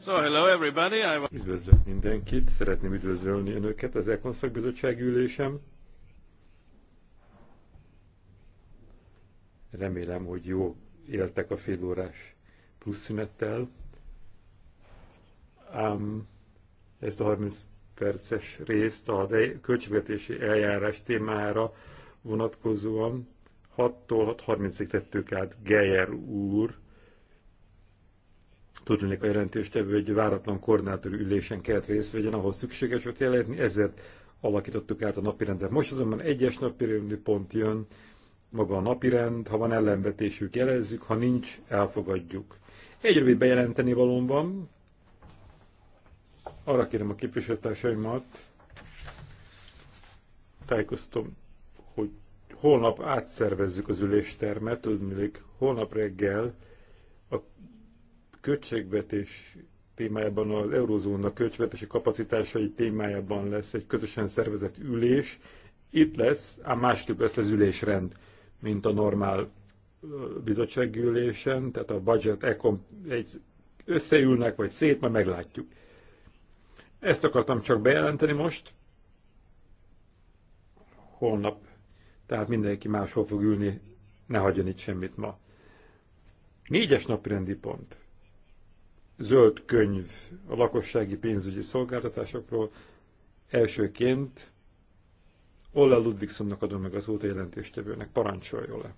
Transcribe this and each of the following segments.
So, hello everybody. I... Üdvözlök mindenkit, szeretném üdvözölni Önöket az Ekon szakbizottság ülésem. Remélem, hogy jó éltek a órás plusz szünettel. Ám ezt a 30 perces részt a költségvetési eljárás témára vonatkozóan 6-tól 6.30-ig tettük át Geyer úr tudnék a jelentéstevő egy váratlan koordinátor ülésen kellett részt vegyen, ahol szükséges volt jelenni, ezért alakítottuk át a napirendet. Most azonban egyes napirendi pont jön, maga a napirend, ha van ellenvetésük, jelezzük, ha nincs, elfogadjuk. Egy rövid bejelenteni valóm van. Arra kérem a képviselőtársaimat, tájékoztatom, hogy holnap átszervezzük az üléstermet, tudnék, holnap reggel a költségvetés témájában, az eurozóna költségvetési kapacitásai témájában lesz egy közösen szervezett ülés. Itt lesz, ám másképp lesz az ülésrend, mint a normál bizottsági ülésen, tehát a budget, econ egy összeülnek, vagy szét, majd meglátjuk. Ezt akartam csak bejelenteni most. Holnap. Tehát mindenki máshol fog ülni, ne hagyjon itt semmit ma. Négyes napi rendi pont zöld könyv a lakossági pénzügyi szolgáltatásokról. Elsőként Olle Ludvigsonnak adom meg az óta jelentéstevőnek, parancsoljon le.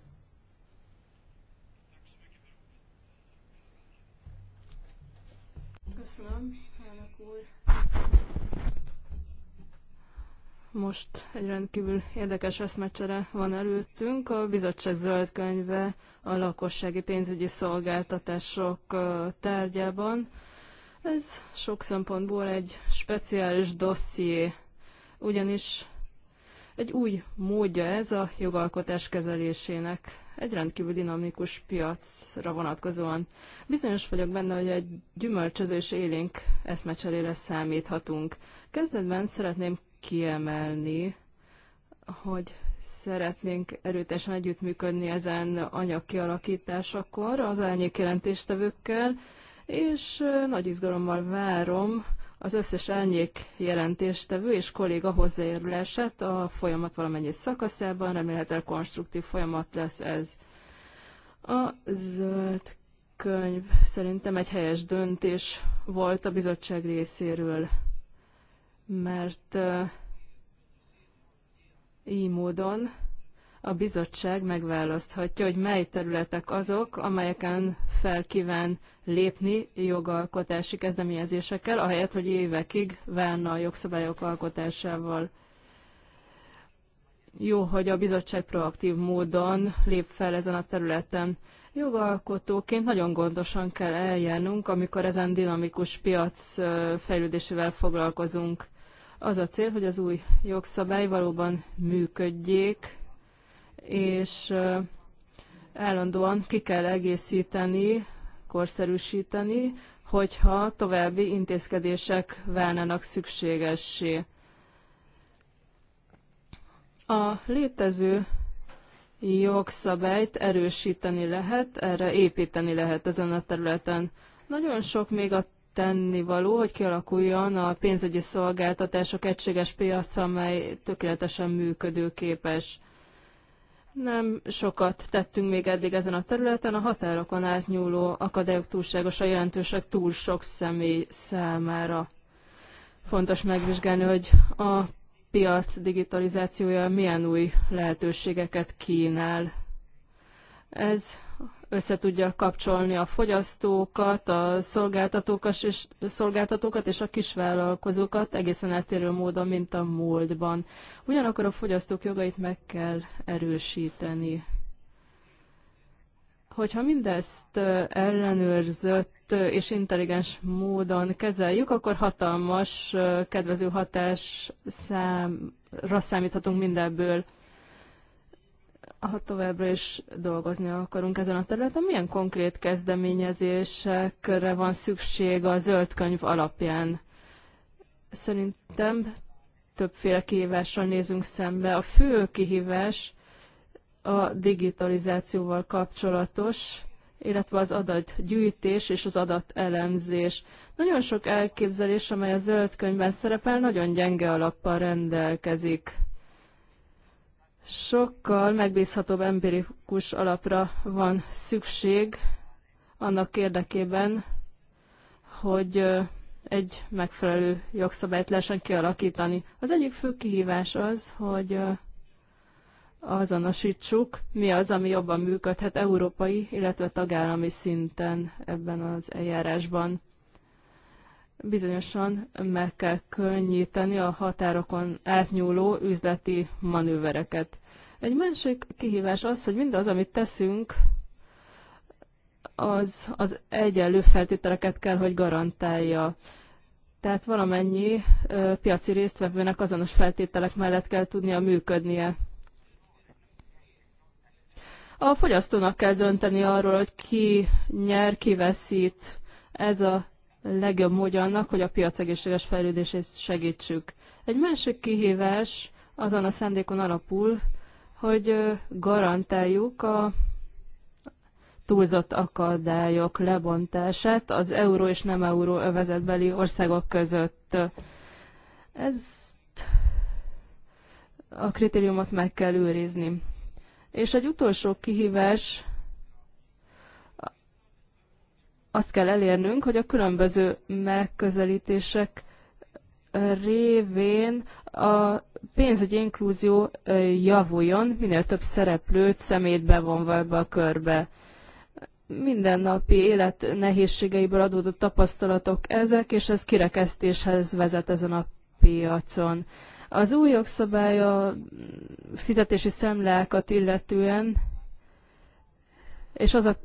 Köszönöm, elnök úr. Most egy rendkívül érdekes eszmecsere van előttünk. A bizottság zöld könyve a lakossági pénzügyi szolgáltatások tárgyában. Ez sok szempontból egy speciális dosszié, ugyanis egy új módja ez a jogalkotás kezelésének egy rendkívül dinamikus piacra vonatkozóan. Bizonyos vagyok benne, hogy egy gyümölcsözés élénk eszmecserére számíthatunk. Kezdetben szeretném kiemelni, hogy szeretnénk erőtesen együttműködni ezen anyagkialakításakor az elnyék jelentéstevőkkel, és nagy izgalommal várom az összes elnyék jelentéstevő és kolléga hozzájárulását a folyamat valamennyi szakaszában, remélhetőleg konstruktív folyamat lesz ez. A zöld könyv szerintem egy helyes döntés volt a bizottság részéről mert így módon a bizottság megválaszthatja, hogy mely területek azok, amelyeken fel kíván lépni jogalkotási kezdeményezésekkel, ahelyett, hogy évekig várna a jogszabályok alkotásával. Jó, hogy a bizottság proaktív módon lép fel ezen a területen. Jogalkotóként nagyon gondosan kell eljárnunk, amikor ezen dinamikus piac fejlődésével foglalkozunk az a cél, hogy az új jogszabály valóban működjék, és állandóan ki kell egészíteni, korszerűsíteni, hogyha további intézkedések válnának szükségessé. A létező jogszabályt erősíteni lehet, erre építeni lehet ezen a területen. Nagyon sok még a tennivaló, hogy kialakuljon a pénzügyi szolgáltatások egységes piaca, amely tökéletesen működőképes. Nem sokat tettünk még eddig ezen a területen, a határokon átnyúló akadályok túlságosan jelentősek túl sok személy számára. Fontos megvizsgálni, hogy a piac digitalizációja milyen új lehetőségeket kínál. Ez tudja kapcsolni a fogyasztókat, a szolgáltatókat és, szolgáltatókat és a kisvállalkozókat egészen eltérő módon, mint a múltban. Ugyanakkor a fogyasztók jogait meg kell erősíteni. Hogyha mindezt ellenőrzött és intelligens módon kezeljük, akkor hatalmas kedvező hatásra számíthatunk mindebből ha továbbra is dolgozni akarunk ezen a területen, milyen konkrét kezdeményezésekre van szükség a zöld könyv alapján? Szerintem többféle kihívással nézünk szembe. A fő kihívás a digitalizációval kapcsolatos, illetve az adatgyűjtés és az adatelemzés. Nagyon sok elképzelés, amely a zöld könyvben szerepel, nagyon gyenge alappal rendelkezik Sokkal megbízhatóbb empirikus alapra van szükség annak érdekében, hogy egy megfelelő jogszabályt lehessen kialakítani. Az egyik fő kihívás az, hogy azonosítsuk, mi az, ami jobban működhet európai, illetve tagállami szinten ebben az eljárásban bizonyosan meg kell könnyíteni a határokon átnyúló üzleti manővereket. Egy másik kihívás az, hogy mindaz, amit teszünk, az, az egyenlő feltételeket kell, hogy garantálja. Tehát valamennyi ö, piaci résztvevőnek azonos feltételek mellett kell tudnia működnie. A fogyasztónak kell dönteni arról, hogy ki nyer, ki veszít. Ez a legjobb módja annak, hogy a piac egészséges fejlődését segítsük. Egy másik kihívás azon a szándékon alapul, hogy garantáljuk a túlzott akadályok lebontását az euró és nem euró övezetbeli országok között. Ezt a kritériumot meg kell őrizni. És egy utolsó kihívás azt kell elérnünk, hogy a különböző megközelítések révén a pénzügyi inkluzió javuljon, minél több szereplőt, szemét bevonva ebbe a körbe. Mindennapi élet nehézségeiből adódott tapasztalatok ezek, és ez kirekesztéshez vezet ezen a piacon. Az új jogszabály a fizetési szemlákat illetően, és az a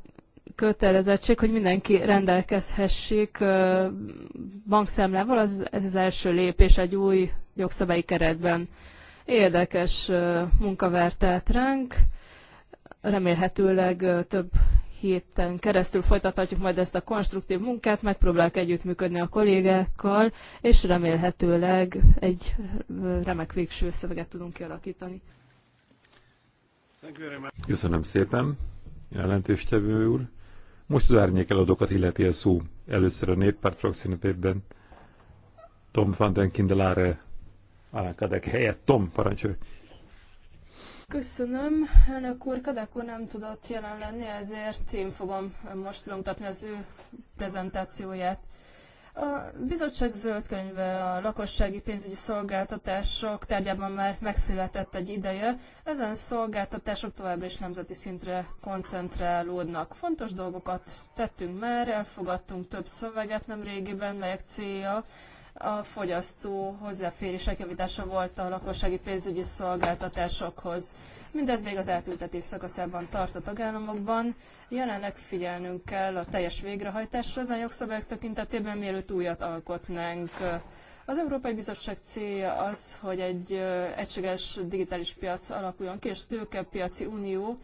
kötelezettség, hogy mindenki rendelkezhessék bankszámlával, az, ez az első lépés egy új jogszabályi keretben. Érdekes munka várt át ránk, remélhetőleg több héten keresztül folytathatjuk majd ezt a konstruktív munkát, megpróbálok együttműködni a kollégákkal, és remélhetőleg egy remek végső szöveget tudunk kialakítani. Köszönöm szépen, jelentéstevő úr. Most az árnyékeladókat illeti a szó. Először a néppárt proxinitében Tom van den Kindelare Alakadek helyett. Tom, parancsolj! Köszönöm. Elnök úr, Kadek úr nem tudott jelen lenni, ezért én fogom most bemutatni az ő prezentációját. A bizottság zöld könyve a lakossági pénzügyi szolgáltatások tárgyában már megszületett egy ideje. Ezen szolgáltatások továbbra is nemzeti szintre koncentrálódnak. Fontos dolgokat tettünk már, elfogadtunk több szöveget nem régiben, melyek célja a fogyasztó hozzáférések javítása volt a lakossági pénzügyi szolgáltatásokhoz. Mindez még az eltültetés szakaszában tart a tagállamokban. Jelenleg figyelnünk kell a teljes végrehajtásra a jogszabályok tekintetében, mielőtt újat alkotnánk. Az Európai Bizottság célja az, hogy egy egységes digitális piac alakuljon ki, és tőkepiaci unió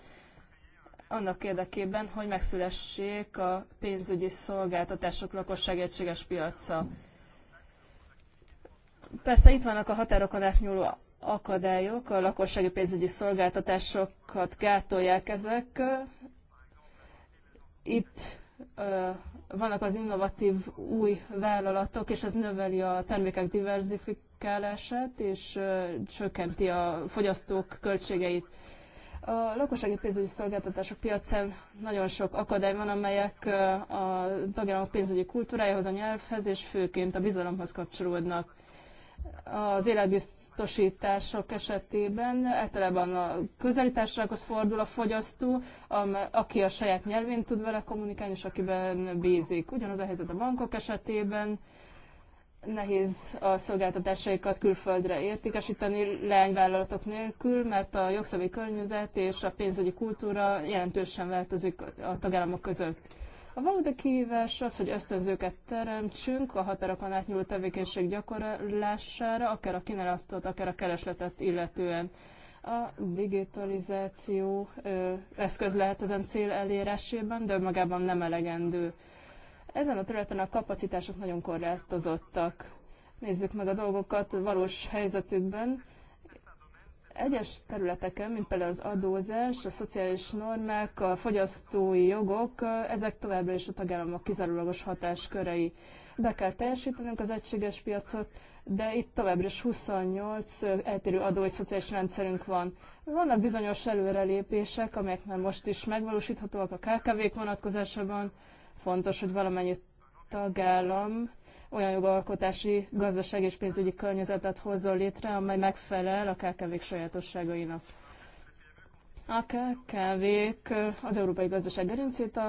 annak érdekében, hogy megszülessék a pénzügyi szolgáltatások lakosság egységes piaca. Persze itt vannak a határokon átnyúló akadályok, a lakossági pénzügyi szolgáltatásokat gátolják ezek. Itt vannak az innovatív új vállalatok, és ez növeli a termékek diverzifikálását, és csökkenti a fogyasztók költségeit. A lakossági pénzügyi szolgáltatások piacán nagyon sok akadály van, amelyek a tagállamok pénzügyi kultúrájához, a nyelvhez és főként a bizalomhoz kapcsolódnak az életbiztosítások esetében általában a közelításrakhoz fordul a fogyasztó, aki a saját nyelvén tud vele kommunikálni, és akiben bízik. Ugyanaz a helyzet a bankok esetében, nehéz a szolgáltatásaikat külföldre értékesíteni leányvállalatok nélkül, mert a jogszabályi környezet és a pénzügyi kultúra jelentősen változik a tagállamok között. A valódi kihívás az, hogy ösztönzőket teremtsünk a határokon átnyúló tevékenység gyakorlására, akár a kínálatot, akár a keresletet illetően. A digitalizáció ö, eszköz lehet ezen cél elérésében, de önmagában nem elegendő. Ezen a területen a kapacitások nagyon korlátozottak. Nézzük meg a dolgokat valós helyzetükben egyes területeken, mint például az adózás, a szociális normák, a fogyasztói jogok, ezek továbbra is a tagállamok kizárólagos hatáskörei. Be kell teljesítenünk az egységes piacot, de itt továbbra is 28 eltérő adó és szociális rendszerünk van. Vannak bizonyos előrelépések, amelyek már most is megvalósíthatóak a KKV-k vonatkozásában. Fontos, hogy valamennyi tagállam olyan jogalkotási, gazdaság és pénzügyi környezetet hozzon létre, amely megfelel a kkv sajátosságainak. A kkv az európai gazdaság gerincét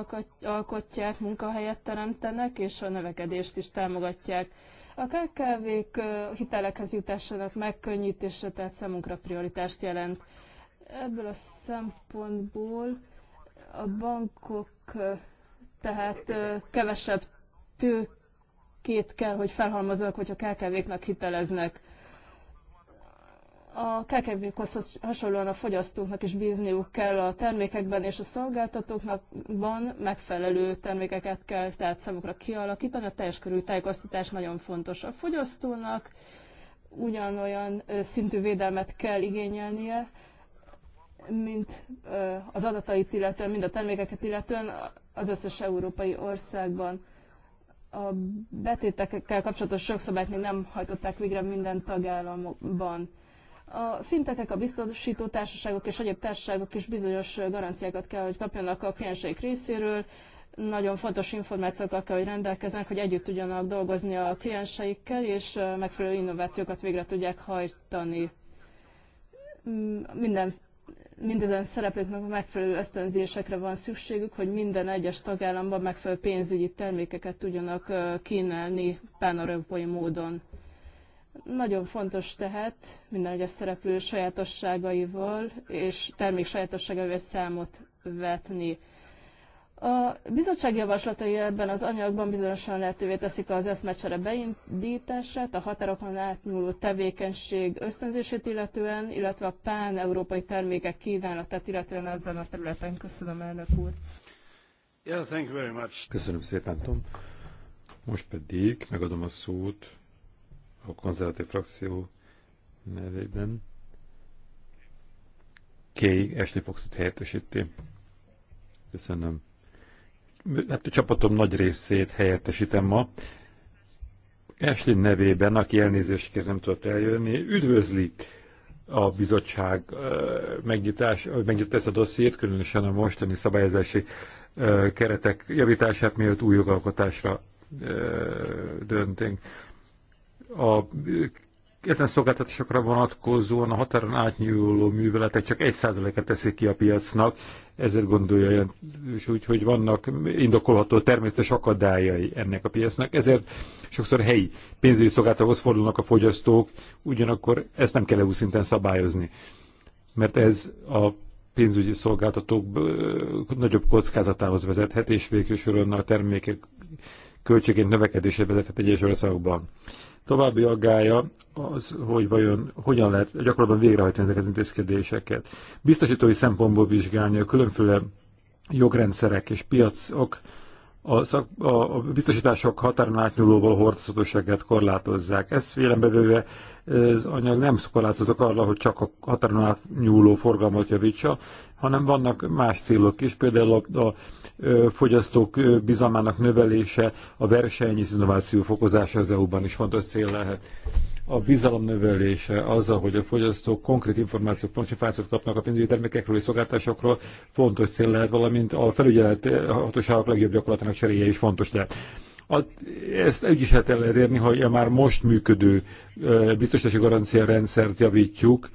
alkotják, munkahelyet teremtenek, és a növekedést is támogatják. A kkv hitelekhez jutásának megkönnyítése tehát számunkra prioritást jelent. Ebből a szempontból a bankok tehát kevesebb tők két kell, hogy felhalmozzanak, hogyha KKV-knak hiteleznek. A KKV-khoz hasonlóan a fogyasztóknak is bízniuk kell a termékekben és a szolgáltatóknakban megfelelő termékeket kell tehát számukra kialakítani. A teljes körű tájékoztatás nagyon fontos a fogyasztónak, ugyanolyan szintű védelmet kell igényelnie, mint az adatait illetően, mind a termékeket illetően az összes európai országban a betétekkel kapcsolatos jogszabályt még nem hajtották végre minden tagállamban. A fintekek, a biztosító társaságok és egyéb társaságok is bizonyos garanciákat kell, hogy kapjanak a klienseik részéről. Nagyon fontos információkkal kell, hogy rendelkeznek, hogy együtt tudjanak dolgozni a klienseikkel, és eh, megfelelő innovációkat végre tudják hajtani. Mm, minden mindezen szereplőknek megfelelő ösztönzésekre van szükségük, hogy minden egyes tagállamban megfelelő pénzügyi termékeket tudjanak kínálni pánorópai módon. Nagyon fontos tehát minden egyes szereplő sajátosságaival és termék sajátosságaival számot vetni. A bizottság javaslatai ebben az anyagban bizonyosan lehetővé teszik az eszmecsere beindítását, a határokon átnyúló tevékenység ösztönzését illetően, illetve a pán-európai termékek kívánatát illetően ezen a területen. Köszönöm, elnök úr. Yeah, thank you very much. Köszönöm szépen, Tom. Most pedig megadom a szót a konzervatív frakció nevében. Kay Ashley Foxot helyettesíti. Köszönöm hát a csapatom nagy részét helyettesítem ma. Ashley nevében, aki elnézést kér, nem tudott eljönni, üdvözli a bizottság megnyitás, megnyit ezt a dossziét, különösen a mostani szabályozási keretek javítását, mielőtt új jogalkotásra döntünk. A ezen szolgáltatásokra vonatkozóan a határon átnyúló műveletek csak 1%-et teszik ki a piacnak, ezért gondolja, hogy, hogy vannak indokolható természetes akadályai ennek a piacnak, ezért sokszor helyi pénzügyi szolgáltatóhoz fordulnak a fogyasztók, ugyanakkor ezt nem kell szinten szabályozni, mert ez a pénzügyi szolgáltatók nagyobb kockázatához vezethet, és végül soron a termékek költségén növekedése vezethet egyes országokban. További aggája az, hogy vajon hogyan lehet gyakorlatban végrehajtani ezeket az intézkedéseket. Biztosítói szempontból vizsgálni a különféle jogrendszerek és piacok a, szak, a, a biztosítások határon átnyúlóval hordozhatóságát korlátozzák. Ezt félembe véve az anyag nem korlátozott arra, hogy csak a határon átnyúló forgalmat javítsa, hanem vannak más célok is, például a, a fogyasztók bizalmának növelése, a verseny és innováció fokozása az EU-ban is fontos cél lehet. A bizalom növelése azzal, hogy a fogyasztók konkrét információk, pontos információt kapnak a pénzügyi termékekről és szolgáltásokról, fontos cél lehet, valamint a felügyelet hatóságok legjobb gyakorlatának cseréje is fontos lehet. Az, ezt úgy is lehet érni, hogy a már most működő biztosítási garancia rendszert javítjuk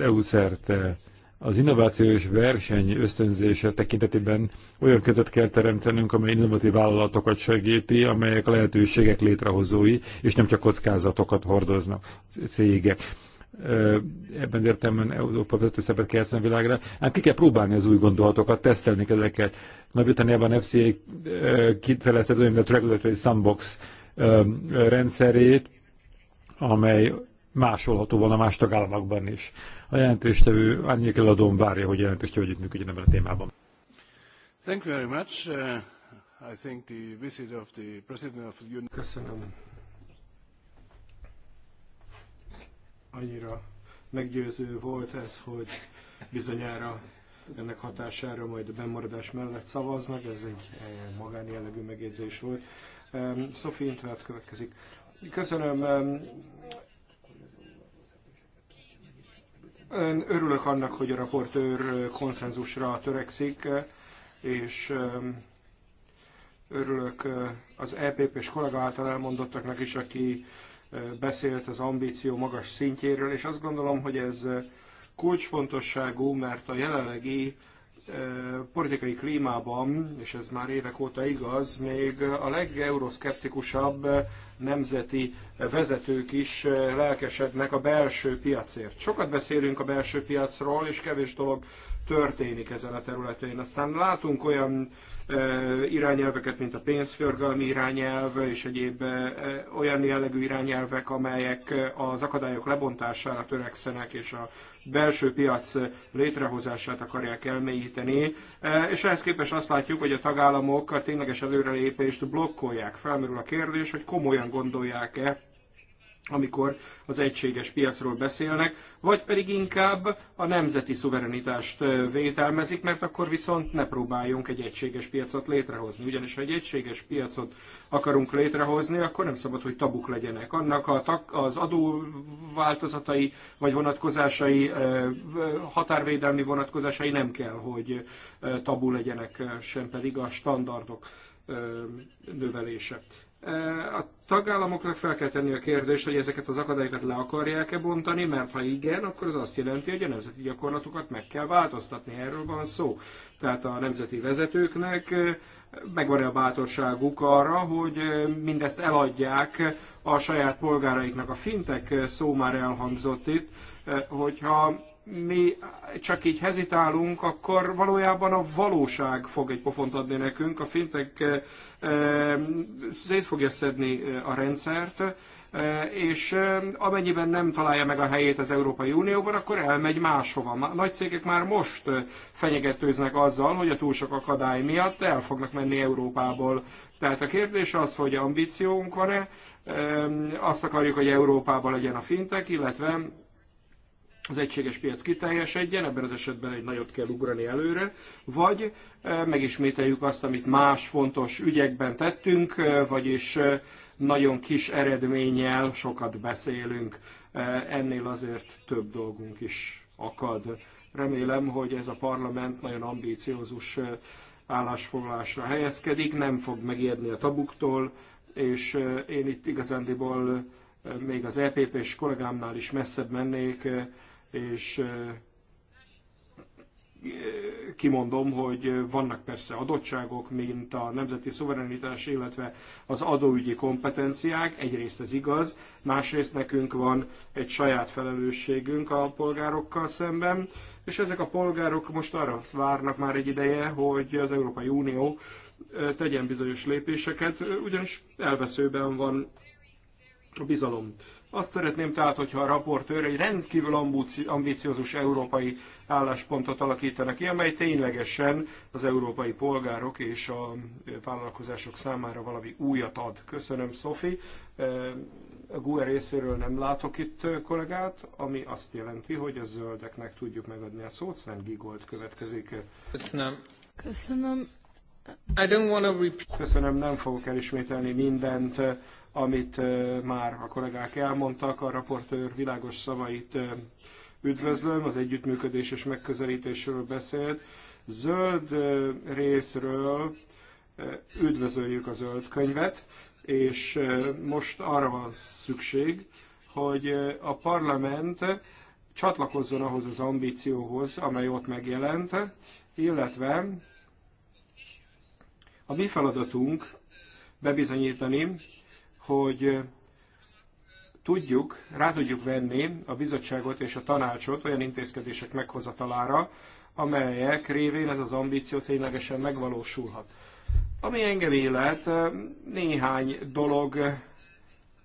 EU szerte az innovációs verseny ösztönzése tekintetében olyan kötet kell teremtenünk, amely innovatív vállalatokat segíti, amelyek lehetőségek létrehozói, és nem csak kockázatokat hordoznak cégek. Ebben az értelemben Európa vezető szerepet kell a világra. Ám hát ki kell próbálni az új gondolatokat, tesztelni ezeket. Nagy-Britanniában FCA kifejlesztett olyan, mint a Regulatory Sandbox rendszerét, amely másolható volna más tagállamokban is. A jelentéstevő kell adom várja, hogy jelentéstevő együttműködjön ebben a témában. Thank you very much. Uh, I think the visit of the President of the Union... Köszönöm. Annyira meggyőző volt ez, hogy bizonyára ennek hatására majd a bemaradás mellett szavaznak, ez egy magánjellegű megjegyzés volt. Um, Sophie Intvert következik. Köszönöm, um, Ön örülök annak, hogy a raportőr konszenzusra törekszik, és um, örülök uh, az EPP és kollega által elmondottaknak is, aki uh, beszélt az ambíció magas szintjéről, és azt gondolom, hogy ez uh, kulcsfontosságú, mert a jelenlegi politikai klímában, és ez már évek óta igaz, még a legeuroszkeptikusabb nemzeti vezetők is lelkesednek a belső piacért. Sokat beszélünk a belső piacról, és kevés dolog történik ezen a területen. Aztán látunk olyan irányelveket, mint a pénzforgalmi irányelv és egyéb olyan jellegű irányelvek, amelyek az akadályok lebontására törekszenek és a belső piac létrehozását akarják elmélyíteni. És ehhez képest azt látjuk, hogy a tagállamok a tényleges előrelépést blokkolják. Felmerül a kérdés, hogy komolyan gondolják-e amikor az egységes piacról beszélnek, vagy pedig inkább a nemzeti szuverenitást vételmezik, mert akkor viszont ne próbáljunk egy egységes piacot létrehozni. Ugyanis ha egy egységes piacot akarunk létrehozni, akkor nem szabad, hogy tabuk legyenek. Annak a, az adó változatai vagy vonatkozásai, határvédelmi vonatkozásai nem kell, hogy tabu legyenek, sem pedig a standardok növelése. Eh, a tagállamoknak fel kell tenni a kérdést, hogy ezeket az akadályokat le akarják-e bontani, mert ha igen, akkor az azt jelenti, hogy a nemzeti gyakorlatokat meg kell változtatni, erről van szó. Tehát a nemzeti vezetőknek eh, megvan-e a bátorságuk arra, hogy eh, mindezt eladják a saját polgáraiknak. A fintek szó már elhangzott itt, hogyha mi csak így hezitálunk, akkor valójában a valóság fog egy pofont adni nekünk, a fintek eh, eh, szét fogja szedni eh, a rendszert, és amennyiben nem találja meg a helyét az Európai Unióban, akkor elmegy máshova. Nagy cégek már most fenyegetőznek azzal, hogy a túl sok akadály miatt el fognak menni Európából. Tehát a kérdés az, hogy ambíciónk van-e, azt akarjuk, hogy Európában legyen a fintek, illetve az egységes piac kiteljesedjen, ebben az esetben egy nagyot kell ugrani előre, vagy megismételjük azt, amit más fontos ügyekben tettünk, vagyis nagyon kis eredménnyel sokat beszélünk, ennél azért több dolgunk is akad. Remélem, hogy ez a parlament nagyon ambíciózus állásfoglalásra helyezkedik, nem fog megijedni a tabuktól, és én itt igazándiból még az EPP-s kollégámnál is messzebb mennék, és kimondom, hogy vannak persze adottságok, mint a nemzeti szuverenitás, illetve az adóügyi kompetenciák, egyrészt ez igaz, másrészt nekünk van egy saját felelősségünk a polgárokkal szemben, és ezek a polgárok most arra várnak már egy ideje, hogy az Európai Unió tegyen bizonyos lépéseket, ugyanis elveszőben van a bizalom. Azt szeretném tehát, hogyha a raportőr egy rendkívül ambiciózus európai álláspontot alakítana ki, amely ténylegesen az európai polgárok és a vállalkozások számára valami újat ad. Köszönöm, Szofi. A GUE részéről nem látok itt kollégát, ami azt jelenti, hogy a zöldeknek tudjuk megadni a szót. Sven Gigolt következik. Köszönöm. Köszönöm. I don't want to Köszönöm, nem fogok elismételni mindent, amit már a kollégák elmondtak, a raportőr világos szavait üdvözlöm, az együttműködés és megközelítésről beszélt. Zöld részről üdvözöljük a zöld könyvet, és most arra van szükség, hogy a parlament csatlakozzon ahhoz az ambícióhoz, amely ott megjelent, illetve a mi feladatunk bebizonyítani, hogy tudjuk, rá tudjuk venni a bizottságot és a tanácsot olyan intézkedések meghozatalára, amelyek révén ez az ambíció ténylegesen megvalósulhat. Ami engem élet, néhány dolog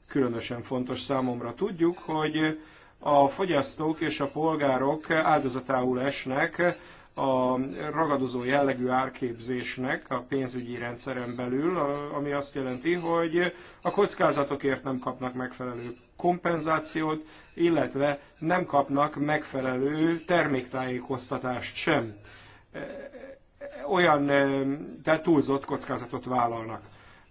különösen fontos számomra. Tudjuk, hogy a fogyasztók és a polgárok áldozatául esnek a ragadozó jellegű árképzésnek a pénzügyi rendszeren belül, ami azt jelenti, hogy a kockázatokért nem kapnak megfelelő kompenzációt, illetve nem kapnak megfelelő terméktájékoztatást sem. Olyan, tehát túlzott kockázatot vállalnak.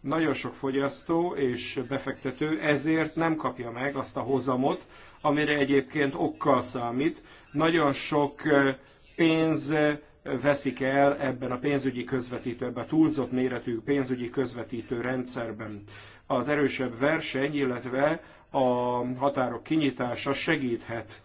Nagyon sok fogyasztó és befektető ezért nem kapja meg azt a hozamot, amire egyébként okkal számít. Nagyon sok pénz veszik el ebben a pénzügyi közvetítő, ebben a túlzott méretű pénzügyi közvetítő rendszerben. Az erősebb verseny, illetve a határok kinyitása segíthet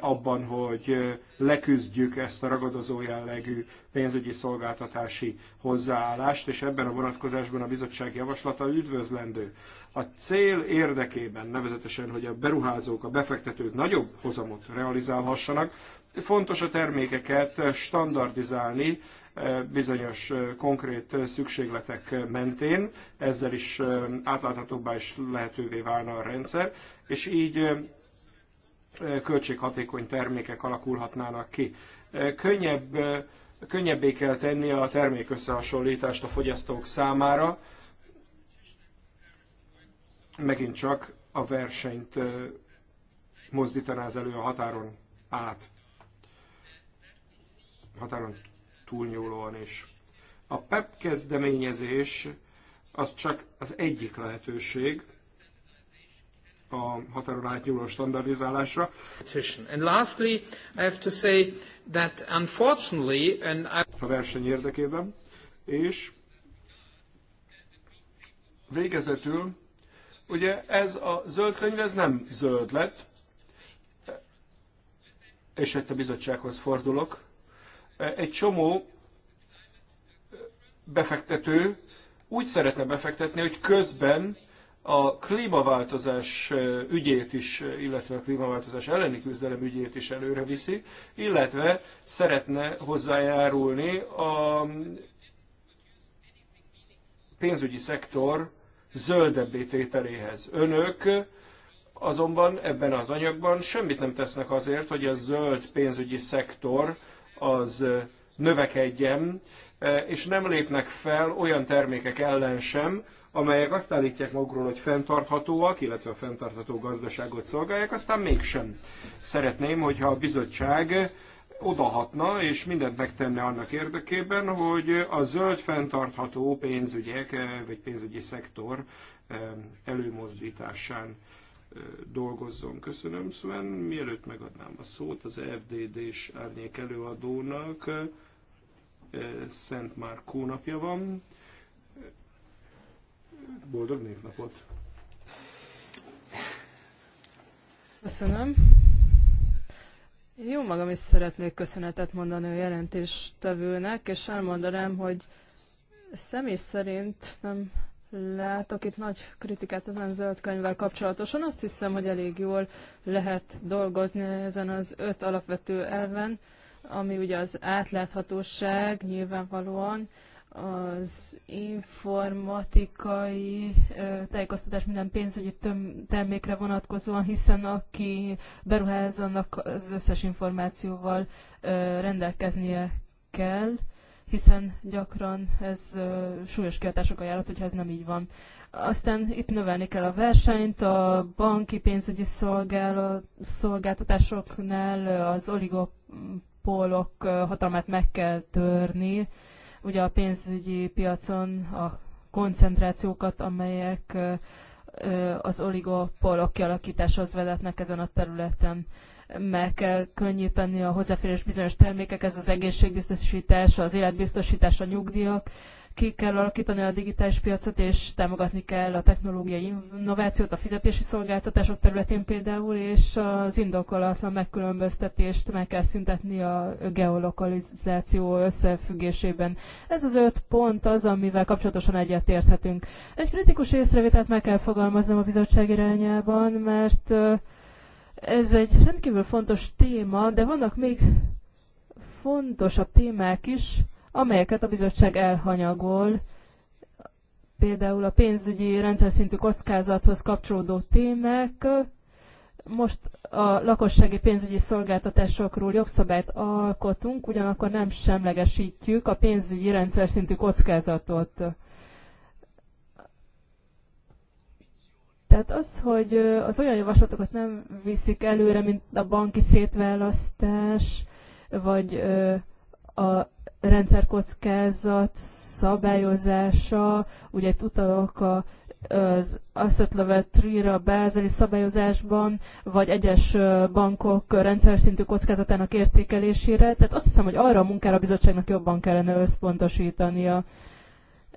abban, hogy leküzdjük ezt a ragadozó jellegű pénzügyi szolgáltatási hozzáállást, és ebben a vonatkozásban a bizottság javaslata üdvözlendő. A cél érdekében, nevezetesen, hogy a beruházók, a befektetők nagyobb hozamot realizálhassanak, Fontos a termékeket standardizálni eh, bizonyos eh, konkrét szükségletek mentén, ezzel is eh, átláthatóbbá is lehetővé válna a rendszer, és így költséghatékony termékek alakulhatnának ki. Könnyebb, könnyebbé kell tenni a termékösszehasonlítást a fogyasztók számára, megint csak a versenyt mozdítaná az elő a határon át határon túlnyúlóan is. A PEP kezdeményezés az csak az egyik lehetőség a határon átnyúló standardizálásra. And lastly, I have to say that unfortunately, and I... a verseny érdekében, és végezetül, ugye ez a zöld könyv, ez nem zöld lett, és itt a bizottsághoz fordulok, egy csomó befektető úgy szeretne befektetni, hogy közben a klímaváltozás ügyét is, illetve a klímaváltozás elleni küzdelem ügyét is előre viszi, illetve szeretne hozzájárulni a pénzügyi szektor zöldebbé tételéhez. Önök azonban ebben az anyagban semmit nem tesznek azért, hogy a zöld pénzügyi szektor az növekedjen, és nem lépnek fel olyan termékek ellen sem, amelyek azt állítják magukról, hogy fenntarthatóak, illetve a fenntartható gazdaságot szolgálják, aztán mégsem. Szeretném, hogyha a bizottság odahatna, és mindent megtenne annak érdekében, hogy a zöld fenntartható pénzügyek, vagy pénzügyi szektor előmozdításán dolgozzon. Köszönöm, Sven. Mielőtt megadnám a szót az FDD-s árnyék előadónak, eh, Szent Márk napja van. Boldog névnapot! Köszönöm. Jó magam is szeretnék köszönetet mondani a jelentéstevőnek, és elmondanám, hogy személy szerint nem látok itt nagy kritikát ezen zöld könyvvel kapcsolatosan. Azt hiszem, hogy elég jól lehet dolgozni ezen az öt alapvető elven, ami ugye az átláthatóság nyilvánvalóan, az informatikai tájékoztatás minden pénzügyi termékre vonatkozóan, hiszen aki beruház, annak az összes információval rendelkeznie kell hiszen gyakran ez súlyos kihatásokkal járhat, hogyha ez nem így van. Aztán itt növelni kell a versenyt, a banki pénzügyi szolgáltatásoknál az oligopólok hatalmát meg kell törni. Ugye a pénzügyi piacon a koncentrációkat, amelyek az oligopolok kialakításhoz vezetnek ezen a területen meg kell könnyíteni a hozzáférés bizonyos termékekhez, az egészségbiztosítás, az életbiztosítás, a nyugdíjak, ki kell alakítani a digitális piacot, és támogatni kell a technológiai innovációt a fizetési szolgáltatások területén például, és az indokolatlan megkülönböztetést meg kell szüntetni a geolokalizáció összefüggésében. Ez az öt pont az, amivel kapcsolatosan egyetérthetünk. Egy kritikus észrevételt meg kell fogalmaznom a bizottság irányában, mert ez egy rendkívül fontos téma, de vannak még fontosabb témák is, amelyeket a bizottság elhanyagol, például a pénzügyi rendszer szintű kockázathoz kapcsolódó témák. Most a lakossági pénzügyi szolgáltatásokról jogszabályt alkotunk, ugyanakkor nem semlegesítjük a pénzügyi rendszer szintű kockázatot. Tehát az, hogy az olyan javaslatokat nem viszik előre, mint a banki szétválasztás, vagy a rendszerkockázat szabályozása, ugye itt utalok a az asset level tree-ra a bázeli szabályozásban, vagy egyes bankok rendszer szintű kockázatának értékelésére. Tehát azt hiszem, hogy arra a munkára a bizottságnak jobban kellene összpontosítania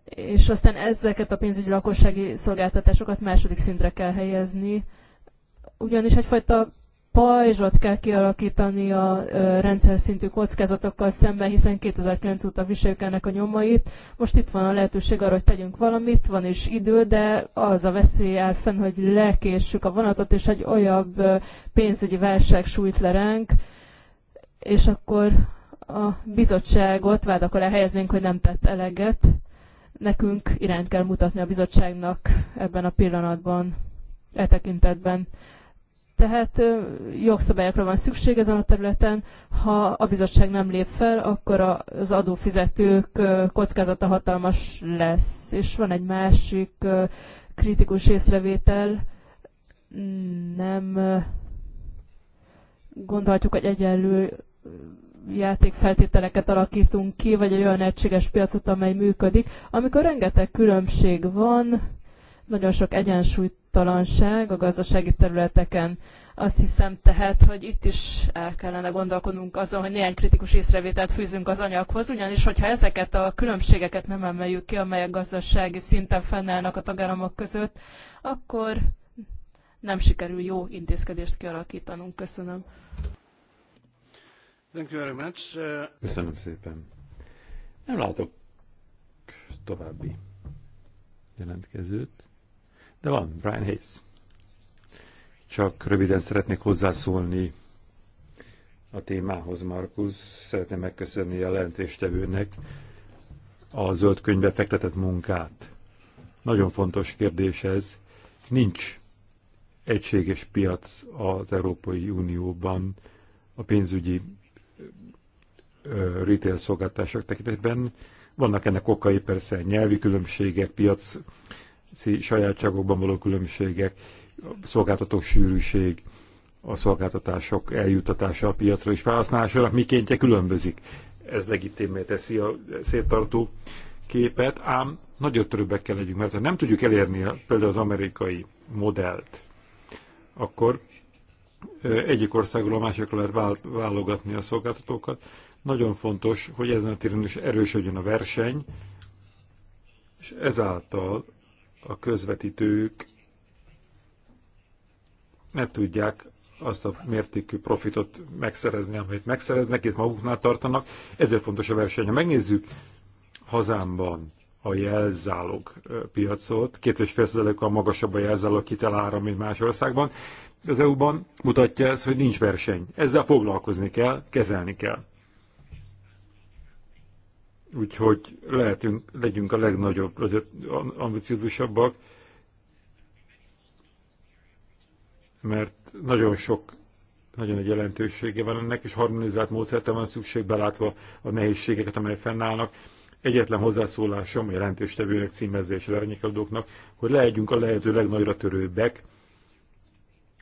és aztán ezeket a pénzügyi lakossági szolgáltatásokat második szintre kell helyezni, ugyanis egyfajta pajzsot kell kialakítani a rendszer szintű kockázatokkal szemben, hiszen 2009 óta viseljük ennek a nyomait. Most itt van a lehetőség arra, hogy tegyünk valamit, van is idő, de az a veszély áll fenn, hogy lekéssük a vonatot, és egy olyan pénzügyi válság sújt le ránk, és akkor a bizottságot vád alá helyeznénk, hogy nem tett eleget Nekünk irányt kell mutatni a bizottságnak ebben a pillanatban, e tekintetben. Tehát jogszabályokra van szükség ezen a területen. Ha a bizottság nem lép fel, akkor az adófizetők kockázata hatalmas lesz. És van egy másik kritikus észrevétel. Nem gondolhatjuk, hogy egyenlő játékfeltételeket alakítunk ki, vagy egy olyan egységes piacot, amely működik, amikor rengeteg különbség van, nagyon sok egyensúlytalanság a gazdasági területeken. Azt hiszem tehát, hogy itt is el kellene gondolkodnunk azon, hogy néhány kritikus észrevételt fűzünk az anyaghoz, ugyanis hogyha ezeket a különbségeket nem emeljük ki, amelyek gazdasági szinten fennállnak a tagállamok között, akkor nem sikerül jó intézkedést kialakítanunk. Köszönöm. Thank you very much. Uh, Köszönöm szépen. Nem látok további jelentkezőt, de van Brian Hayes. Csak röviden szeretnék hozzászólni a témához, Markus. Szeretném megköszönni a jelentéstevőnek a zöld könyvbe fektetett munkát. Nagyon fontos kérdés ez. Nincs egységes piac az Európai Unióban a pénzügyi retail szolgáltások tekintetben. Vannak ennek okai persze nyelvi különbségek, piaci sajátságokban való különbségek, szolgáltatók sűrűség, a szolgáltatások eljutatása a piacra és felhasználásának mikéntje különbözik. Ez legitimé teszi a széttartó képet, ám nagyobb kell legyünk, mert ha nem tudjuk elérni például az amerikai modellt, akkor egyik országról a másikra lehet válogatni a szolgáltatókat. Nagyon fontos, hogy ezen a téren is erősödjön a verseny, és ezáltal a közvetítők ne tudják azt a mértékű profitot megszerezni, amit megszereznek, itt maguknál tartanak. Ezért fontos a verseny. Ha megnézzük hazámban a jelzálog piacot, két és fél a magasabb a jelzálog kitelára, mint más országban, az EU-ban, mutatja ez, hogy nincs verseny. Ezzel foglalkozni kell, kezelni kell. Úgyhogy lehetünk, legyünk a legnagyobb, ambiciózusabbak, mert nagyon sok, nagyon egy jelentősége van ennek, és harmonizált módszerte van szükség, belátva a nehézségeket, amelyek fennállnak. Egyetlen hozzászólásom a jelentéstevőnek, címezve és hogy legyünk a lehető legnagyra törőbbek,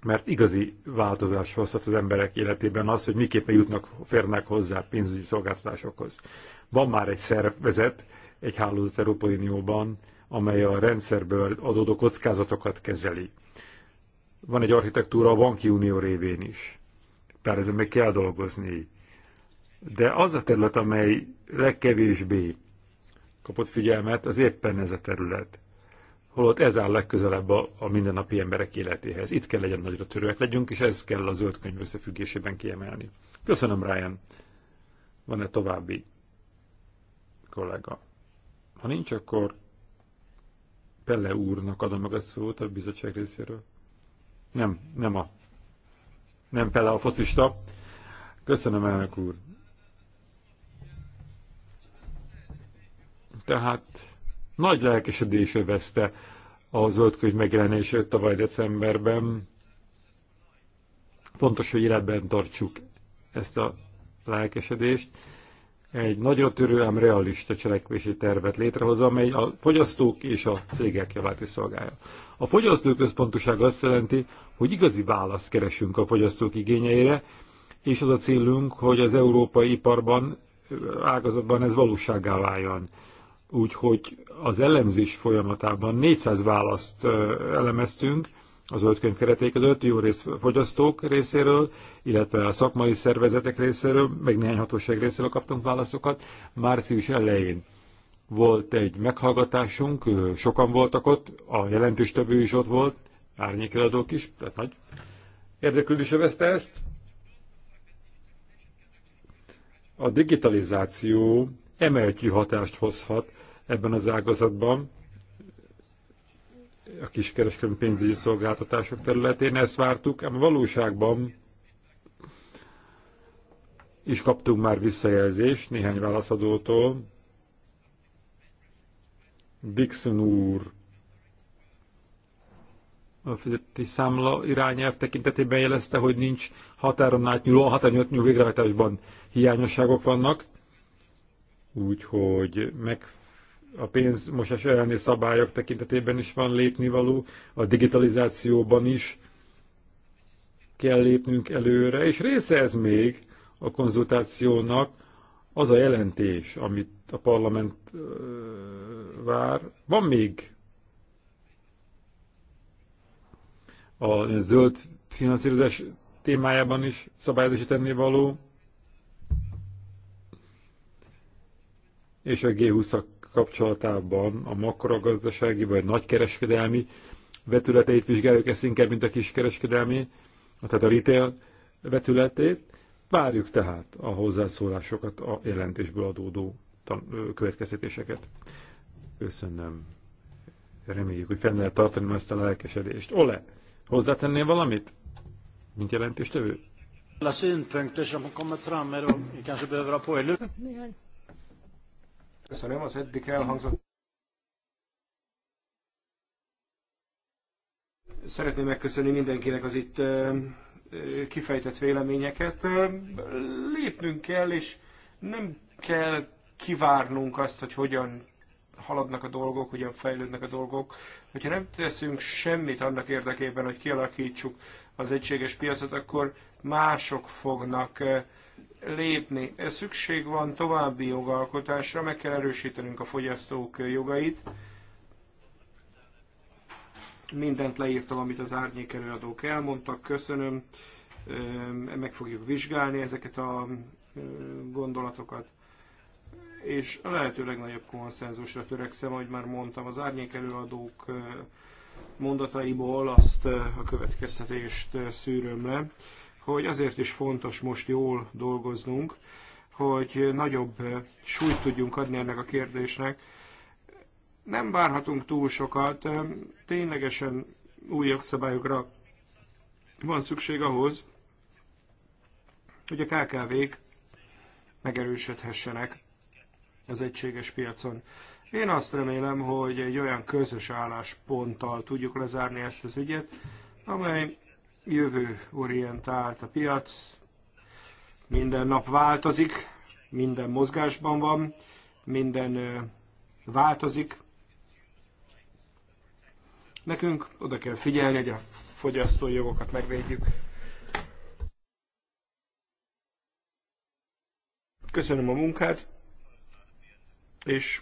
mert igazi változás hozhat az emberek életében az, hogy miképpen jutnak, férnek hozzá pénzügyi szolgáltatásokhoz. Van már egy szervezet, egy hálózat Európai Unióban, amely a rendszerből adódó kockázatokat kezeli. Van egy architektúra a banki unió révén is. Tehát ezen meg kell dolgozni. De az a terület, amely legkevésbé kapott figyelmet, az éppen ez a terület holott ez áll legközelebb a, a mindennapi emberek életéhez. Itt kell legyen nagyra törőek legyünk, és ez kell a zöld könyv összefüggésében kiemelni. Köszönöm, Ryan. Van-e további kollega? Ha nincs, akkor Pelle úrnak adom meg a szót a bizottság részéről. Nem, nem a... Nem Pelle a focista. Köszönöm, elnök úr. Tehát nagy lelkesedés övezte a zöldkönyv megjelenését tavaly decemberben. Fontos, hogy életben tartsuk ezt a lelkesedést. Egy nagyon törő, ám realista cselekvési tervet létrehoz, amely a fogyasztók és a cégek javát is szolgálja. A fogyasztóközpontoság azt jelenti, hogy igazi választ keresünk a fogyasztók igényeire, és az a célunk, hogy az európai iparban, ágazatban ez valóságá váljon. Úgyhogy az elemzés folyamatában 400 választ elemeztünk az zöld könyv keretei között, jó rész fogyasztók részéről, illetve a szakmai szervezetek részéről, meg néhány hatóság részéről kaptunk válaszokat. Március elején volt egy meghallgatásunk, sokan voltak ott, a jelentős többő is ott volt, árnyékeladók is, tehát nagy érdeklődés övezte ezt. A digitalizáció emeltű hatást hozhat ebben az ágazatban, a kiskereskedelmi pénzügyi szolgáltatások területén. Ezt vártuk, ám valóságban is kaptunk már visszajelzést néhány válaszadótól. Dixon úr a fizeti számla irányelv tekintetében jelezte, hogy nincs határon átnyúló, a határon végrehajtásban hiányosságok vannak, úgyhogy meg a pénzmosás elleni szabályok tekintetében is van lépnivaló, a digitalizációban is kell lépnünk előre, és része ez még a konzultációnak az a jelentés, amit a parlament vár. Van még a zöld finanszírozás témájában is szabályozási tennivaló, és a G20-ak kapcsolatában a makrogazdasági vagy nagykereskedelmi vetületeit vizsgáljuk, ezt inkább, mint a kiskereskedelmi, tehát a retail vetületét. Várjuk tehát a hozzászólásokat, a jelentésből adódó következtetéseket. Köszönöm. Reméljük, hogy fenn lehet tartani ezt a lelkesedést. Ole, hozzátennél valamit? Mint jelentéstevő? Alla synpunkter som kommer fram här och kanske behöver ha på er Köszönöm az eddig elhangzott. Szeretném megköszönni mindenkinek az itt kifejtett véleményeket. Lépnünk kell, és nem kell kivárnunk azt, hogy hogyan haladnak a dolgok, hogyan fejlődnek a dolgok. Hogyha nem teszünk semmit annak érdekében, hogy kialakítsuk az egységes piacot, akkor mások fognak lépni. Eh, szükség van további jogalkotásra, meg kell erősítenünk a fogyasztók eh, jogait. Mindent leírtam, amit az árnyék előadók elmondtak, köszönöm. Eh, meg fogjuk vizsgálni ezeket a gondolatokat és a lehető legnagyobb konszenzusra törekszem, ahogy már mondtam, az árnyék előadók mondataiból azt a következtetést szűröm le, hogy azért is fontos most jól dolgoznunk, hogy nagyobb súlyt tudjunk adni ennek a kérdésnek. Nem várhatunk túl sokat, ténylegesen új jogszabályokra van szükség ahhoz, hogy a KKV-k megerősödhessenek az egységes piacon. Én azt remélem, hogy egy olyan közös állásponttal tudjuk lezárni ezt az ügyet, amely jövő orientált a piac, minden nap változik, minden mozgásban van, minden változik. Nekünk oda kell figyelni, hogy a fogyasztói jogokat megvédjük. Köszönöm a munkát, és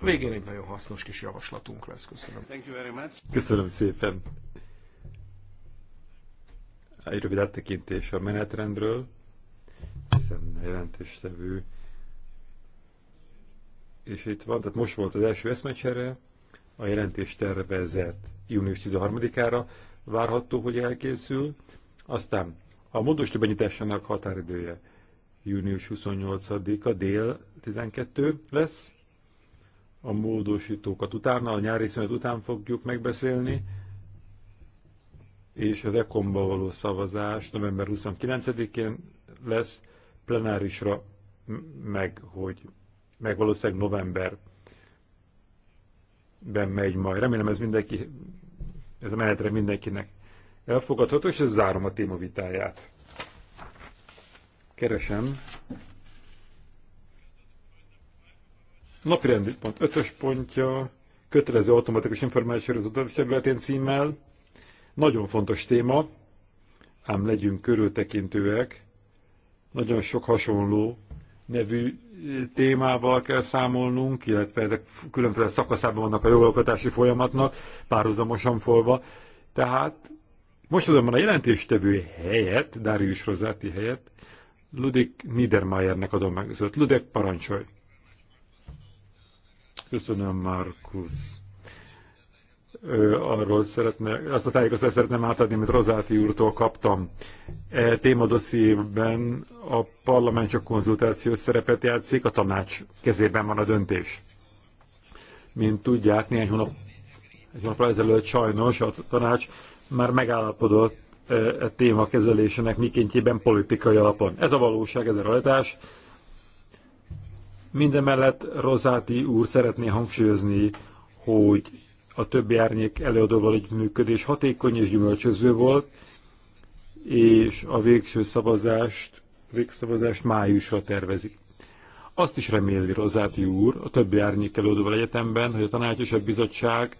végén egy nagyon hasznos kis javaslatunk lesz. Köszönöm. Köszönöm szépen egy rövid áttekintés a menetrendről, hiszen a jelentéstevő és itt van, tehát most volt az első eszmecsere, a jelentés tervezett június 13-ára várható, hogy elkészül, aztán a módosító benyitásának határidője június 28-a dél 12 lesz, a módosítókat utána, a nyári szünet után fogjuk megbeszélni, és az ECOM-ba való szavazás november 29-én lesz plenárisra, meg, hogy, meg valószínűleg novemberben megy majd. Remélem ez mindenki, ez a menetre mindenkinek elfogadható, és ez zárom a témavitáját. Keresem. Napirendi pont 5 pontja, kötelező automatikus információ az utatásterületén címmel. Nagyon fontos téma, ám legyünk körültekintőek, nagyon sok hasonló nevű eh, témával kell számolnunk, illetve különféle szakaszában vannak a jogalkotási folyamatnak, párhuzamosan folva. Tehát most azonban a jelentéstevő helyett, Darius Rozáti helyett, Ludik Niedermayernek adom meg az parancsolj! Köszönöm, Markus ö, arról szeretne, azt a tájékoztatást szeretném átadni, amit Rozáti úrtól kaptam. E témadossziében a parlament csak konzultációs szerepet játszik, a tanács kezében van a döntés. Mint tudják, néhány hónap, egy hónapra ezelőtt sajnos a tanács már megállapodott e, e téma kezelésének mikéntjében politikai alapon. Ez a valóság, ez a realitás. Mindemellett Rozáti úr szeretné hangsúlyozni, hogy a többi árnyék előadóval egy működés hatékony és gyümölcsöző volt, és a végső szavazást, végszavazást májusra tervezik. Azt is reméli Rozáti úr, a többi árnyék előadóval egyetemben, hogy a tanács és a bizottság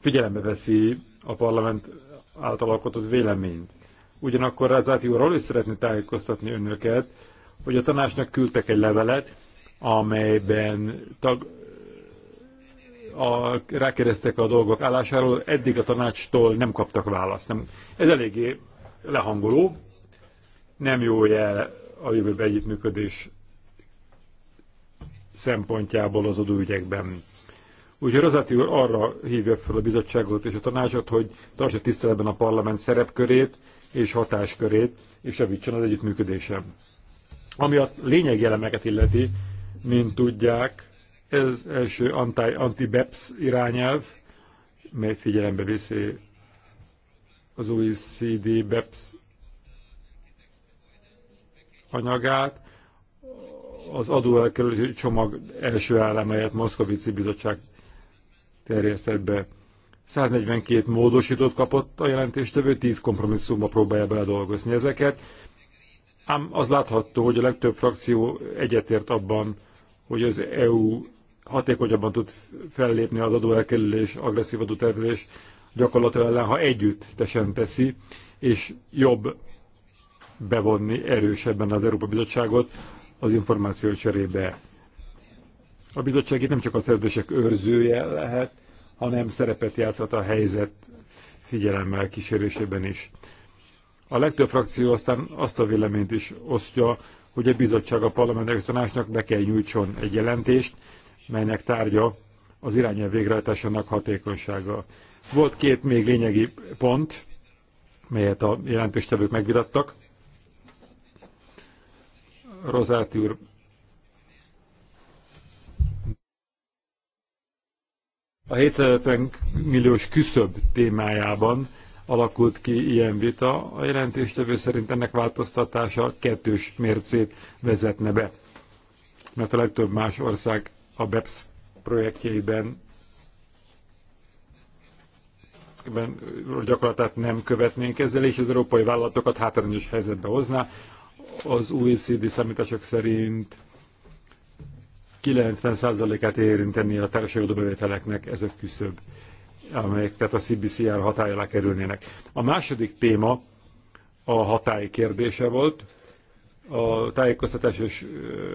figyelembe veszi a parlament által alkotott véleményt. Ugyanakkor Rozáti úr is szeretné tájékoztatni önöket, hogy a tanácsnak küldtek egy levelet, amelyben tag, a, rákérdeztek a dolgok állásáról, eddig a tanácstól nem kaptak választ. Nem. Ez eléggé lehangoló, nem jó jel a jövőbe együttműködés szempontjából az adóügyekben. Úgyhogy Rozati úr arra hívja fel a bizottságot és a tanácsot, hogy tartsa tiszteletben a parlament szerepkörét és hatáskörét, és javítson az együttműködésem. Ami a lényegi elemeket illeti, mint tudják, ez első anti-BEPS irányelv, mely figyelembe viszi az OECD BEPS anyagát, az adóelkerülési csomag első elemelyet Moszkovici Bizottság terjesztett be. 142 módosított kapott a jelentéstevő, 10 kompromisszumba próbálja beledolgozni ezeket, ám az látható, hogy a legtöbb frakció egyetért abban, hogy az EU hatékonyabban tud fellépni az adóelkerülés, agresszív adóterülés gyakorlata ellen, ha együttesen teszi, és jobb bevonni erősebben az Európa Bizottságot az információ cserébe. A bizottság itt nem csak a szerződések őrzője lehet, hanem szerepet játszhat a helyzet figyelemmel kísérésében is. A legtöbb frakció aztán azt a véleményt is osztja, hogy a bizottság a parlamentek tanácsnak be kell nyújtson egy jelentést, melynek tárgya az irányelv végrehajtásának hatékonysága. Volt két még lényegi pont, melyet a jelentéstevők megvitattak. Rozát úr a 750 milliós küszöb témájában alakult ki ilyen vita. A jelentéstevő szerint ennek változtatása kettős mércét vezetne be, mert a legtöbb más ország a BEPS projektjeiben gyakorlatát nem követnénk ezzel, és az európai vállalatokat hátrányos helyzetbe hozná. Az OECD számítások szerint 90%-át érinteni a társadalmi bevételeknek ez a küszöb, amelyek tehát a CBCR hatály alá kerülnének. A második téma a hatály kérdése volt, a tájékoztatás és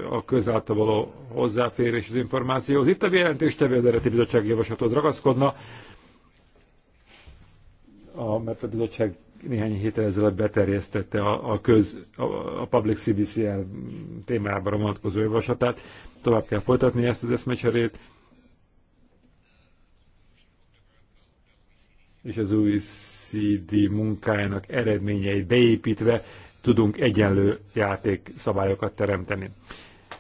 a közáltal való hozzáférés az információhoz. Itt a jelentéstevő az eredeti bizottsági javaslathoz ragaszkodna, a, mert a bizottság néhány héttel ezelőtt beterjesztette a, a köz, a, a public CBCR témára vonatkozó javaslatát. Tovább kell folytatni ezt az eszmecserét. És az új CD munkájának eredményeit beépítve tudunk egyenlő játékszabályokat teremteni.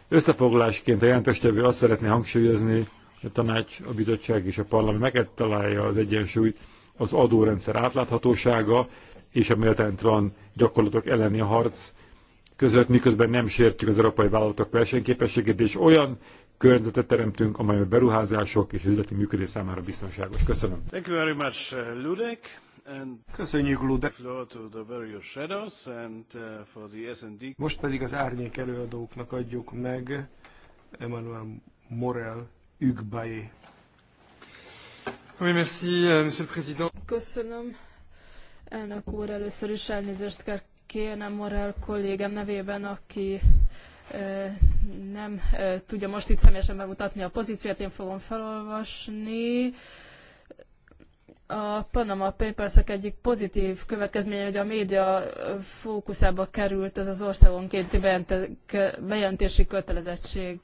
Összefoglalásként a jelentéstevő azt szeretné hangsúlyozni, hogy a tanács, a bizottság és a parlament találja az egyensúlyt az adórendszer átláthatósága és a méltánytalan gyakorlatok elleni harc között, miközben nem sértjük az európai vállalatok versenyképességét, és olyan környezetet teremtünk, amely a beruházások és üzleti működés számára biztonságos. Köszönöm. Thank you very much, uh, Ludek. Köszönjük, Lude. Most pedig az árnyék előadóknak adjuk meg Emmanuel Morel Ügbaé. Oui, merci, euh, monsieur le président. Köszönöm. Elnök úr, először is elnézést kell kérnem Morel kollégám nevében, aki nem tudja most itt személyesen bemutatni a pozíciót, én fogom felolvasni a Panama papers egyik pozitív következménye, hogy a média fókuszába került ez az országonkénti bejelentési kötelezettség.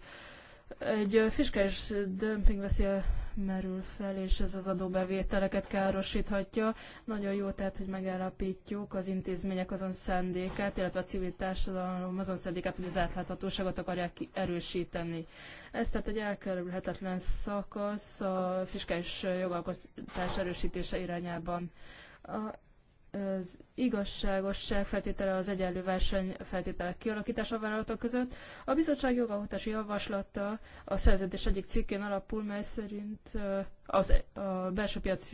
Egy fiskális dömping veszélye merül fel, és ez az adóbevételeket károsíthatja. Nagyon jó tehát, hogy megállapítjuk az intézmények azon szendékát, illetve a civil társadalom azon szendékát, hogy az átláthatóságot akarják erősíteni. Ez tehát egy elkerülhetetlen szakasz a fiskális jogalkotás erősítése irányában. A az igazságosság feltétele az egyenlő verseny feltételek kialakítása a vállalatok között. A bizottság jogalkotási javaslata a szerződés egyik cikkén alapul, mely szerint az, a belső piac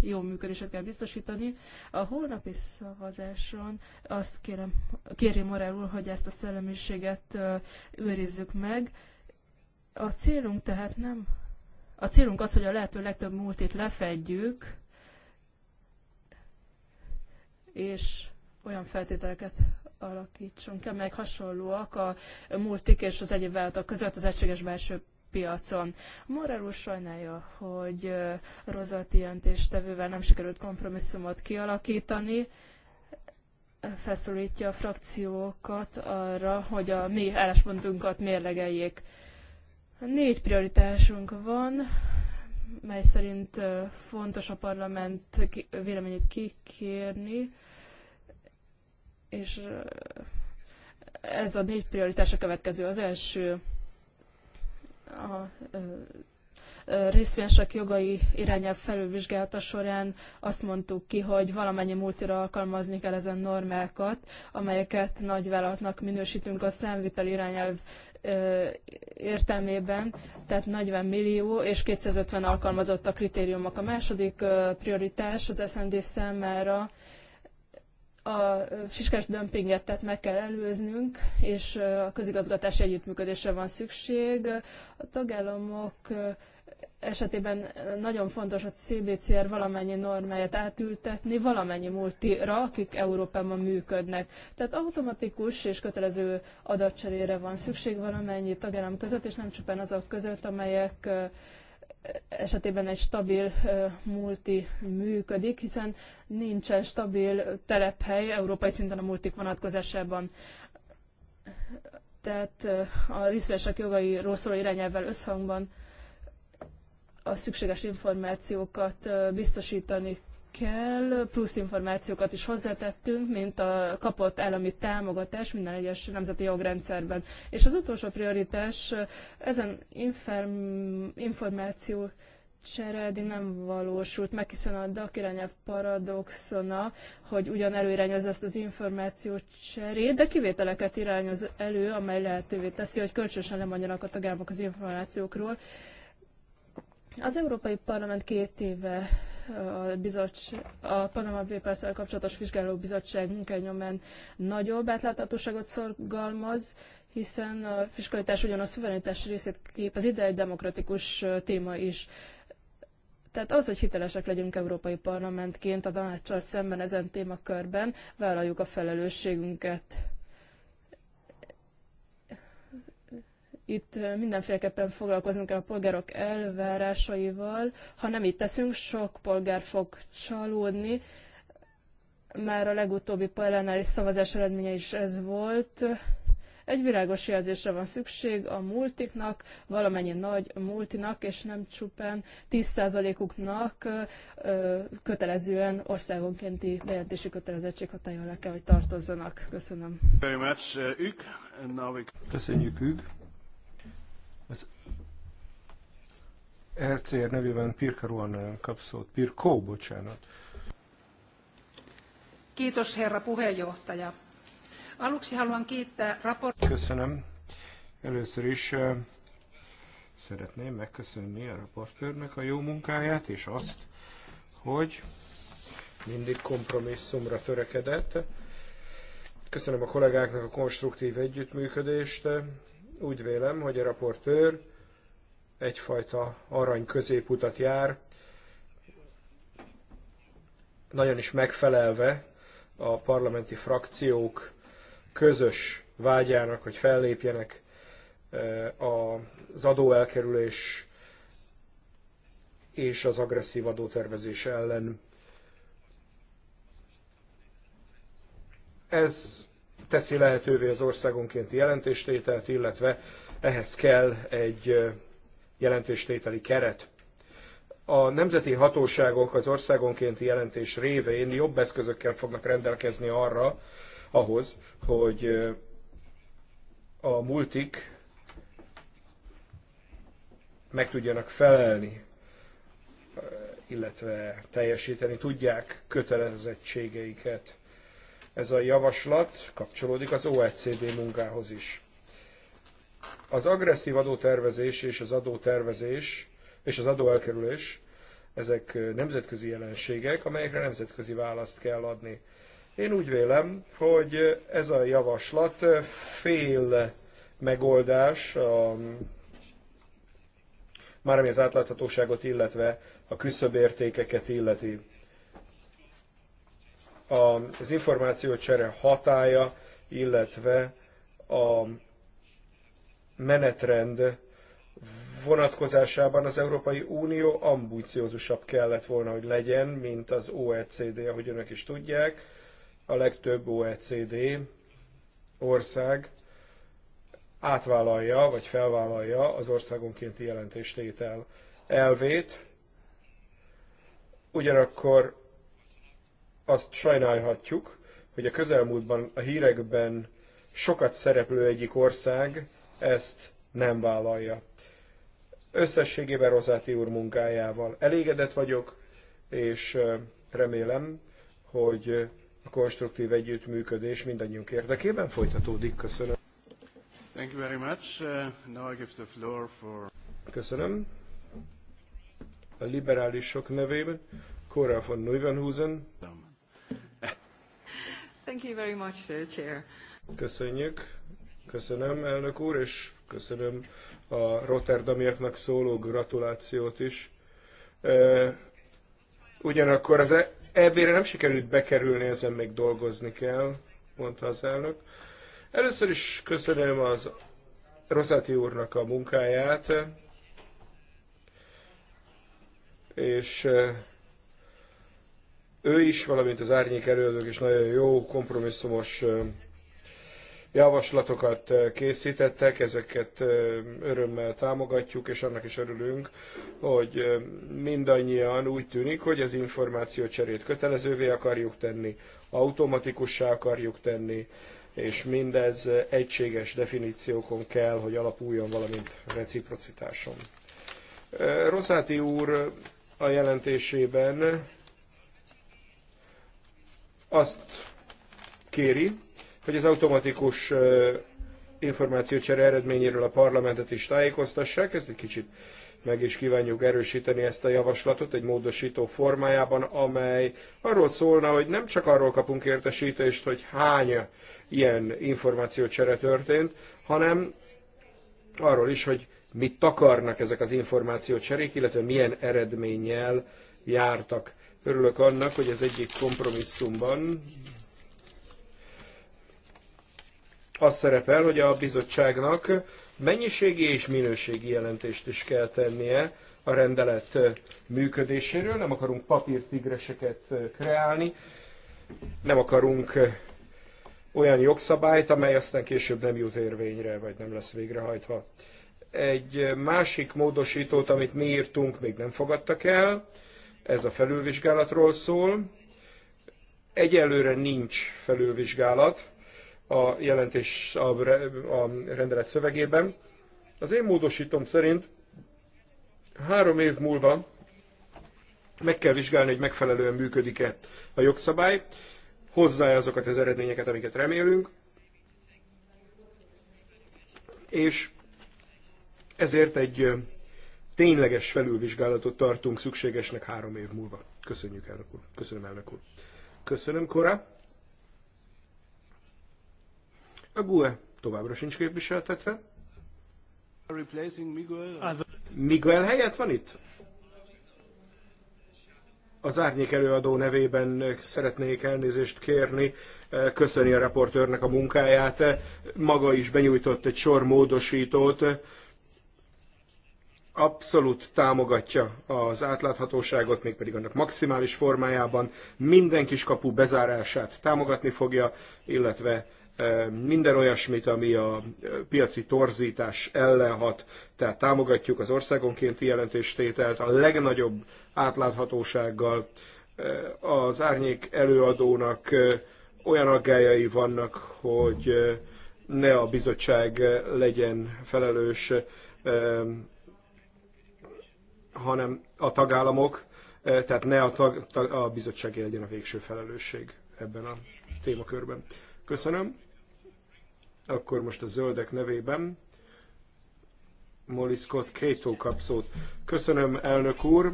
jó működését kell biztosítani. A holnapi szavazáson azt kérem, kérjem Morel úr, hogy ezt a szellemiséget őrizzük meg. A célunk tehát nem, a célunk az, hogy a lehető legtöbb múltit lefedjük, és olyan feltételeket alakítsunk ki, amelyek hasonlóak a multik és az egyéb vállalatok között az egységes belső piacon. Morel úr sajnálja, hogy Rozati jelentéstevővel nem sikerült kompromisszumot kialakítani, feszorítja a frakciókat arra, hogy a mi álláspontunkat mérlegeljék. Négy prioritásunk van, mely szerint fontos a parlament véleményét kikérni, és ez a négy prioritás a következő. Az első a részvényesek jogai irányelv felülvizsgálata során azt mondtuk ki, hogy valamennyi multira alkalmazni kell ezen normákat, amelyeket nagyvállalatnak minősítünk a számvitel irányelv értelmében, tehát 40 millió és 250 alkalmazott a kritériumok. A második prioritás az SND számára a fiskás dömpinget tehát meg kell előznünk, és a közigazgatási együttműködésre van szükség. A tagállamok esetében nagyon fontos a CBCR valamennyi normáját átültetni valamennyi multira, akik Európában működnek. Tehát automatikus és kötelező adatcserére van szükség valamennyi tagállam között, és nem csupán azok között, amelyek esetében egy stabil multi működik, hiszen nincsen stabil telephely európai szinten a multik vonatkozásában tehát a részvesek jogairól szóló irányelvvel összhangban a szükséges információkat biztosítani kell, plusz információkat is hozzátettünk, mint a kapott állami támogatás minden egyes nemzeti jogrendszerben. És az utolsó prioritás, ezen információ cseredi nem valósult meg, hiszen a DAK irányelv paradoxona, hogy ugyan előirányoz ezt az információ cserét, de kivételeket irányoz elő, amely lehetővé teszi, hogy kölcsönösen lemondjanak a tagállamok az információkról, az Európai Parlament két éve a, bizottság, a Panama papers kapcsolatos vizsgáló bizottság munkányomán nagyobb átláthatóságot szorgalmaz, hiszen a fiskalitás ugyan a szuverenitás részét képezi, ide egy demokratikus téma is. Tehát az, hogy hitelesek legyünk Európai Parlamentként a tanácssal szemben ezen témakörben, vállaljuk a felelősségünket. Itt mindenféleképpen foglalkoznunk kell a polgárok elvárásaival. Ha nem itt teszünk, sok polgár fog csalódni. Már a legutóbbi is szavazás eredménye is ez volt. Egy világos jelzésre van szükség a multiknak, valamennyi nagy multinak, és nem csupán 10%-uknak kötelezően országonkénti bejelentési kötelezettség hatája alá kell, hogy tartozzanak. Köszönöm. Uh, Köszönjük, Ük. Az RCR e nevében Pirka Ruan kap szót. bocsánat. Kiitos herra puheenjohtaja. Aluksi haluan kiittää raport... Köszönöm. Először is eh, szeretném megköszönni a raportőrnek a jó munkáját, és azt, hogy mindig kompromisszumra törekedett. Köszönöm a kollégáknak a konstruktív együttműködést, úgy vélem, hogy a raportőr egyfajta arany középutat jár, nagyon is megfelelve a parlamenti frakciók közös vágyának, hogy fellépjenek eh, az adóelkerülés és az agresszív adótervezés ellen. Ez teszi lehetővé az országonkénti jelentéstételt, illetve ehhez kell egy jelentéstételi keret. A nemzeti hatóságok az országonkénti jelentés révén jobb eszközökkel fognak rendelkezni arra, ahhoz, hogy a multik meg tudjanak felelni, illetve teljesíteni tudják kötelezettségeiket. Ez a javaslat kapcsolódik az OECD munkához is. Az agresszív adótervezés és az adótervezés és az adóelkerülés, ezek nemzetközi jelenségek, amelyekre nemzetközi választ kell adni. Én úgy vélem, hogy ez a javaslat fél megoldás a, már ami az átláthatóságot, illetve a küszöbértékeket illeti az információcsere hatája, illetve a menetrend vonatkozásában az Európai Unió ambiciózusabb kellett volna, hogy legyen, mint az OECD, ahogy önök is tudják. A legtöbb OECD ország átvállalja, vagy felvállalja az országonkénti jelentéstétel elvét. Ugyanakkor azt sajnálhatjuk, hogy a közelmúltban a hírekben sokat szereplő egyik ország ezt nem vállalja. Összességében Rozáti úr munkájával elégedett vagyok, és remélem, hogy a konstruktív együttműködés mindannyiunk érdekében folytatódik. Köszönöm. Thank you very much. Uh, now I give the floor for... Köszönöm. A liberálisok nevében Cora von Neuvenhusen. Thank you very much, uh, Chair. Köszönjük. Köszönöm, elnök úr, és köszönöm a Rotterdamiaknak szóló gratulációt is. Ugyanakkor az EB-re nem sikerült bekerülni, ezen még dolgozni kell, mondta az elnök. Először is köszönöm az Rosati úrnak a munkáját, és ő is, valamint az árnyék előadók is nagyon jó kompromisszumos javaslatokat készítettek, ezeket örömmel támogatjuk, és annak is örülünk, hogy mindannyian úgy tűnik, hogy az információcserét kötelezővé akarjuk tenni, automatikussá akarjuk tenni, és mindez egységes definíciókon kell, hogy alapuljon, valamint reciprocitáson. Rosati úr a jelentésében azt kéri, hogy az automatikus információcsere eredményéről a parlamentet is tájékoztassák, ezt egy kicsit meg is kívánjuk erősíteni ezt a javaslatot egy módosító formájában, amely arról szólna, hogy nem csak arról kapunk értesítést, hogy hány ilyen információcsere történt, hanem arról is, hogy mit takarnak ezek az információcserék, illetve milyen eredménnyel jártak. Örülök annak, hogy az egyik kompromisszumban az szerepel, hogy a bizottságnak mennyiségi és minőségi jelentést is kell tennie a rendelet működéséről. Nem akarunk papírtigreseket kreálni, nem akarunk olyan jogszabályt, amely aztán később nem jut érvényre, vagy nem lesz végrehajtva. Egy másik módosítót, amit mi írtunk, még nem fogadtak el. Ez a felülvizsgálatról szól. Egyelőre nincs felülvizsgálat a jelentés a, a rendelet szövegében. Az én módosítom szerint három év múlva meg kell vizsgálni, hogy megfelelően működik-e a jogszabály, hozzá azokat az eredményeket, amiket remélünk, és ezért egy tényleges felülvizsgálatot tartunk szükségesnek három év múlva. Köszönjük, elnök úr. Köszönöm, elnök úr. Köszönöm, Kora. A GUE továbbra sincs képviseltetve. Miguel helyett van itt? Az árnyék előadó nevében szeretnék elnézést kérni, köszöni a reportőrnek a munkáját. Maga is benyújtott egy sor módosítót, abszolút támogatja az átláthatóságot, mégpedig annak maximális formájában minden kiskapu bezárását támogatni fogja, illetve e, minden olyasmit, ami a e, piaci torzítás ellen hat, tehát támogatjuk az országonkénti jelentéstételt a legnagyobb átláthatósággal. E, az árnyék előadónak olyan aggályai vannak, hogy ne a bizottság legyen felelős hanem a tagállamok, eh, tehát ne a, tag, a bizottság legyen a végső felelősség ebben a témakörben. Köszönöm. Akkor most a zöldek nevében Molly Scott Kato kap szót. Köszönöm, elnök úr.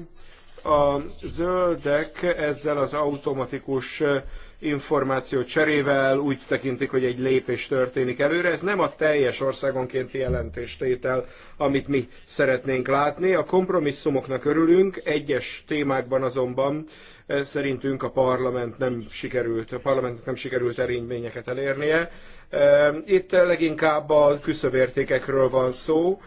A zöldek ezzel az automatikus eh, információ cserével, úgy tekintik, hogy egy lépés történik előre. Ez nem a teljes országonkénti jelentéstétel, amit mi szeretnénk látni. A kompromisszumoknak örülünk, egyes témákban azonban eh, szerintünk a parlament nem sikerült, a parlamentnek nem sikerült eredményeket elérnie. Eh, itt leginkább a küszöbértékekről van szó,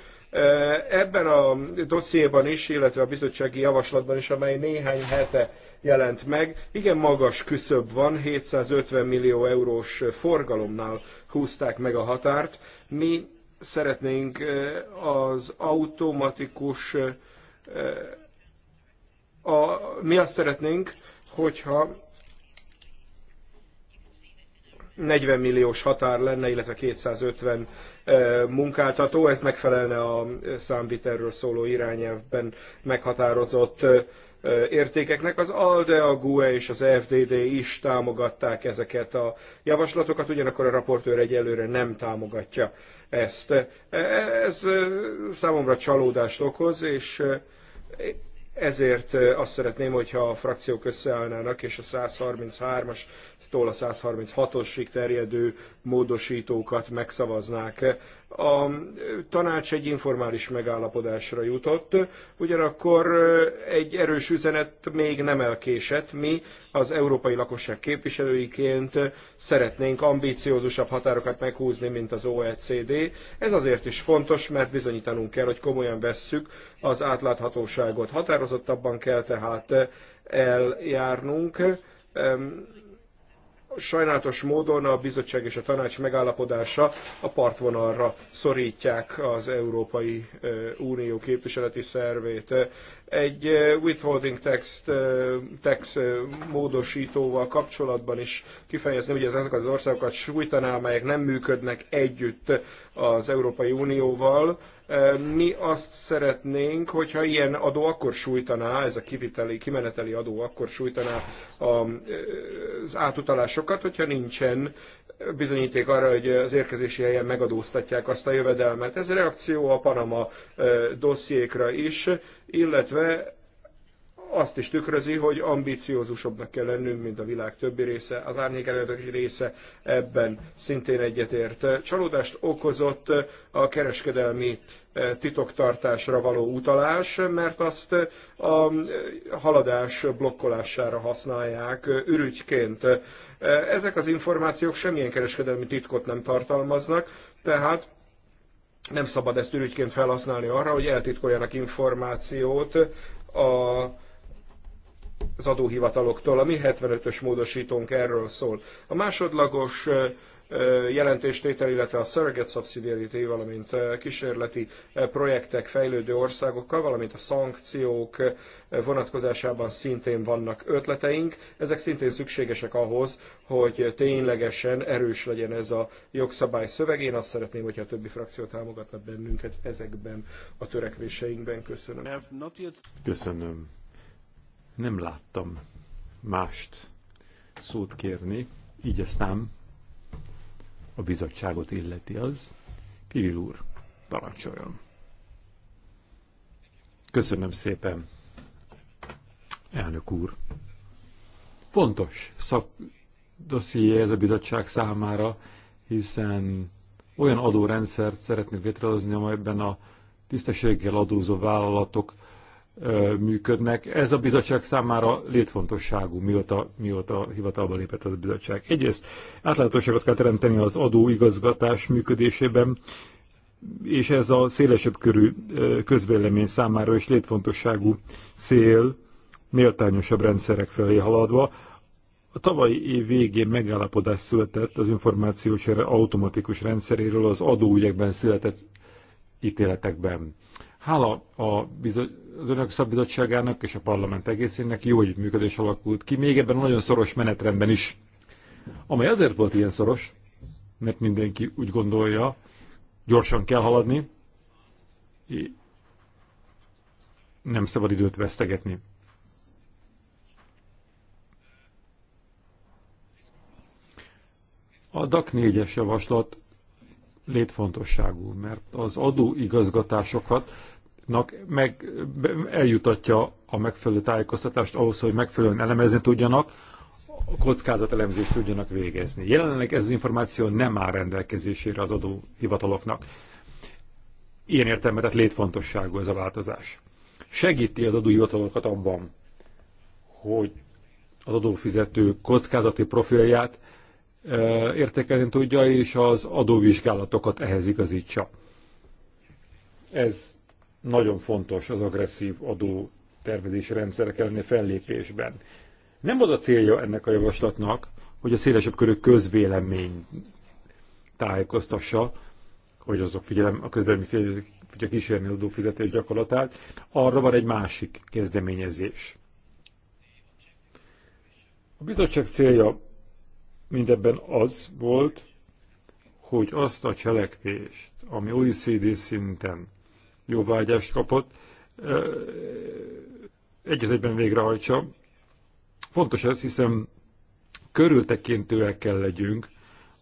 Ebben a dossziéban is, illetve a bizottsági javaslatban is, amely néhány hete jelent meg, igen magas küszöb van, 750 millió eurós forgalomnál húzták meg a határt. Mi szeretnénk az automatikus, a, mi azt szeretnénk, hogyha 40 milliós határ lenne, illetve 250 munkáltató, ez megfelelne a számvitelről szóló irányelvben meghatározott értékeknek. Az ALDE, a GUE és az FDD is támogatták ezeket a javaslatokat, ugyanakkor a raportőr egyelőre nem támogatja ezt. E, ez számomra csalódást okoz, és ezért azt szeretném, hogyha a frakciók összeállnának, és a 133-as tól a 136-osig terjedő módosítókat megszavaznák. A tanács egy informális megállapodásra jutott, ugyanakkor egy erős üzenet még nem elkésett. Mi az európai lakosság képviselőiként szeretnénk ambíciózusabb határokat meghúzni, mint az OECD. Ez azért is fontos, mert bizonyítanunk kell, hogy komolyan vesszük az átláthatóságot. Határozottabban kell tehát eljárnunk sajnálatos módon a bizottság és a tanács megállapodása a partvonalra szorítják az Európai Unió képviseleti szervét egy withholding tax, tax módosítóval kapcsolatban is kifejezni, hogy ez az országokat sújtaná, amelyek nem működnek együtt az Európai Unióval. Mi azt szeretnénk, hogyha ilyen adó akkor sújtaná, ez a kiviteli, kimeneteli adó akkor sújtaná az átutalásokat, hogyha nincsen bizonyíték arra, hogy az érkezési helyen megadóztatják azt a jövedelmet. Ez a reakció a Panama dossziékra is, illetve terve azt is tükrözi, hogy ambiciózusabbnak kell lennünk, mint a világ többi része. Az árnyék előadók része ebben szintén egyetért. Csalódást okozott a kereskedelmi eh, titoktartásra való utalás, mert azt eh, a haladás blokkolására használják eh, ürügyként. Ezek az információk semmilyen kereskedelmi titkot nem tartalmaznak, tehát nem szabad ezt ürügyként felhasználni arra, hogy eltitkoljanak információt a az adóhivataloktól. A mi 75-ös módosítónk erről szól. A másodlagos jelentéstétel, illetve a surrogate subsidiarity, valamint kísérleti projektek fejlődő országokkal, valamint a szankciók vonatkozásában szintén vannak ötleteink. Ezek szintén szükségesek ahhoz, hogy ténylegesen erős legyen ez a jogszabály szöveg. Én azt szeretném, hogyha a többi frakció támogatna bennünket ezekben a törekvéseinkben. Köszönöm. Köszönöm. Nem láttam mást szót kérni, így aztán a bizottságot illeti az. Kívül úr, parancsoljon. Köszönöm szépen, elnök úr. Fontos szakdosszié ez a bizottság számára, hiszen olyan adórendszert szeretnék létrehozni, amelyben a tisztességgel adózó vállalatok működnek. Ez a bizottság számára létfontosságú, mióta, mióta hivatalba lépett az a bizottság. Egyrészt átláthatóságot kell teremteni az adóigazgatás működésében, és ez a szélesebb körű közvélemény számára is létfontosságú cél, méltányosabb rendszerek felé haladva. A tavalyi év végén megállapodás született az információcsere automatikus rendszeréről az adóügyekben született ítéletekben. Hála a bizony, az önök szabbizottságának és a parlament egészének jó együttműködés alakult ki, még ebben nagyon szoros menetrendben is. Amely azért volt ilyen szoros, mert mindenki úgy gondolja, gyorsan kell haladni, nem szabad időt vesztegetni. A DAC 4-es javaslat létfontosságú, mert az adóigazgatásokat polgároknak meg, eljutatja a megfelelő tájékoztatást ahhoz, hogy megfelelően elemezni tudjanak, a elemzést tudjanak végezni. Jelenleg ez az információ nem áll rendelkezésére az adóhivataloknak. Ilyen értelme, tehát létfontosságú ez a változás. Segíti az adóhivatalokat abban, hogy az adófizető kockázati profilját értékelni tudja, és az adóvizsgálatokat ehhez igazítsa. Ez nagyon fontos az agresszív adó tervezési rendszerek elleni fellépésben. Nem az a célja ennek a javaslatnak, hogy a szélesebb körű közvélemény tájékoztassa, hogy azok figyelem, a közvélemény figyel kísérni az adófizetés gyakorlatát, arra van egy másik kezdeményezés. A bizottság célja mindebben az volt, hogy azt a cselekvést, ami OECD szinten jóvágyást kapott, egy az egyben végrehajtsa. Fontos ez, hiszen körültekintőek kell legyünk,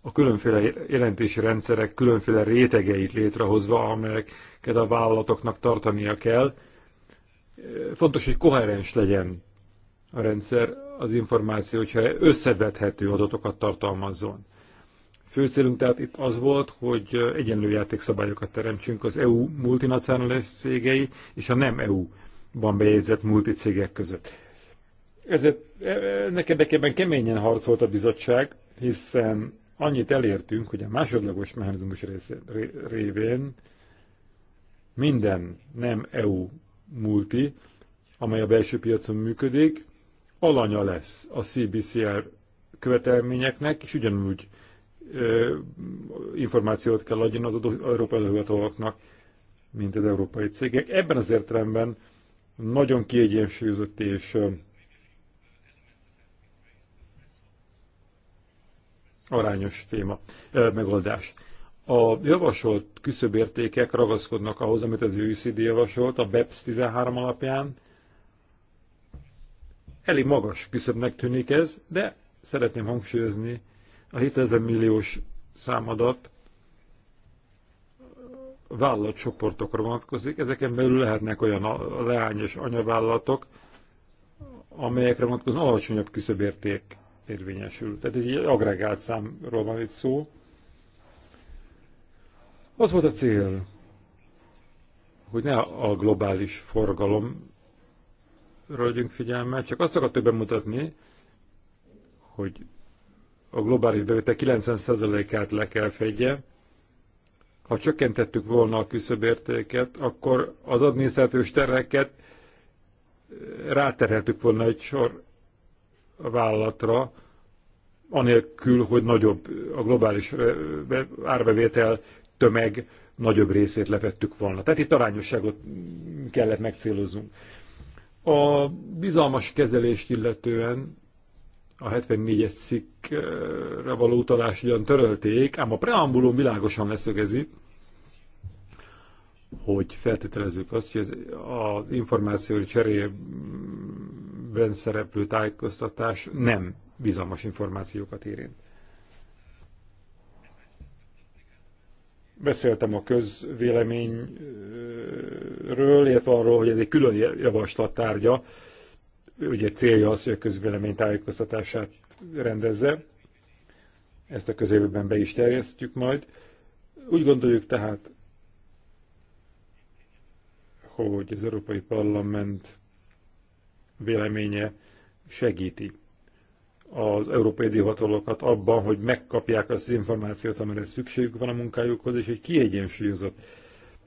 a különféle jelentési rendszerek különféle rétegeit létrehozva, amelyeket a vállalatoknak tartania kell. Fontos, hogy koherens legyen a rendszer, az információ, hogyha összevethető adatokat tartalmazzon. Fő célunk tehát itt az volt, hogy egyenlő játékszabályokat teremtsünk az EU multinacionalis cégei és a nem EU-ban bejegyzett multicégek között. Ezért e, ennek érdekében keményen harcolt a bizottság, hiszen annyit elértünk, hogy a másodlagos mechanizmus révén minden nem EU multi, amely a belső piacon működik, alanya lesz a CBCR követelményeknek, és ugyanúgy információt kell adjon az európai adóhatóaknak, mint az európai cégek. Ebben az értelemben nagyon kiegyensúlyozott és arányos téma, megoldás. A javasolt küszöbértékek ragaszkodnak ahhoz, amit az UCD javasolt a BEPS 13 alapján. Elég magas küszöbnek tűnik ez, de szeretném hangsúlyozni, a 750 milliós számadat vállalatcsoportokra vonatkozik. Ezeken belül lehetnek olyan leány- és anyavállalatok, amelyekre vonatkozóan alacsonyabb küszöbérték érvényesül. Tehát egy agregált számról van itt szó. Az volt a cél, hogy ne a globális forgalom legyünk figyelme, csak azt akartuk bemutatni, hogy a globális bevétel 90%-át le kell fedje. Ha csökkentettük volna a küszöbértéket, akkor az adminisztrációs terheket eh, ráterheltük volna egy sor vállalatra, anélkül, hogy nagyobb a globális eh, árbevétel tömeg nagyobb részét levettük volna. Tehát itt arányosságot kellett megcéloznunk. A bizalmas kezelést illetően a 74-es szikre való utalást ugyan törölték, ám a preambulum világosan leszögezi, hogy feltételezzük azt, hogy az, az információ cseréjében szereplő tájékoztatás nem bizalmas információkat érint. Beszéltem a közvéleményről, illetve arról, hogy ez egy külön javaslat tárgya, ugye célja az, hogy a közvélemény tájékoztatását rendezze. Ezt a közévben be is terjesztjük majd. Úgy gondoljuk tehát, hogy az Európai Parlament véleménye segíti az európai divatalokat abban, hogy megkapják azt az információt, amire szükségük van a munkájukhoz, és egy kiegyensúlyozott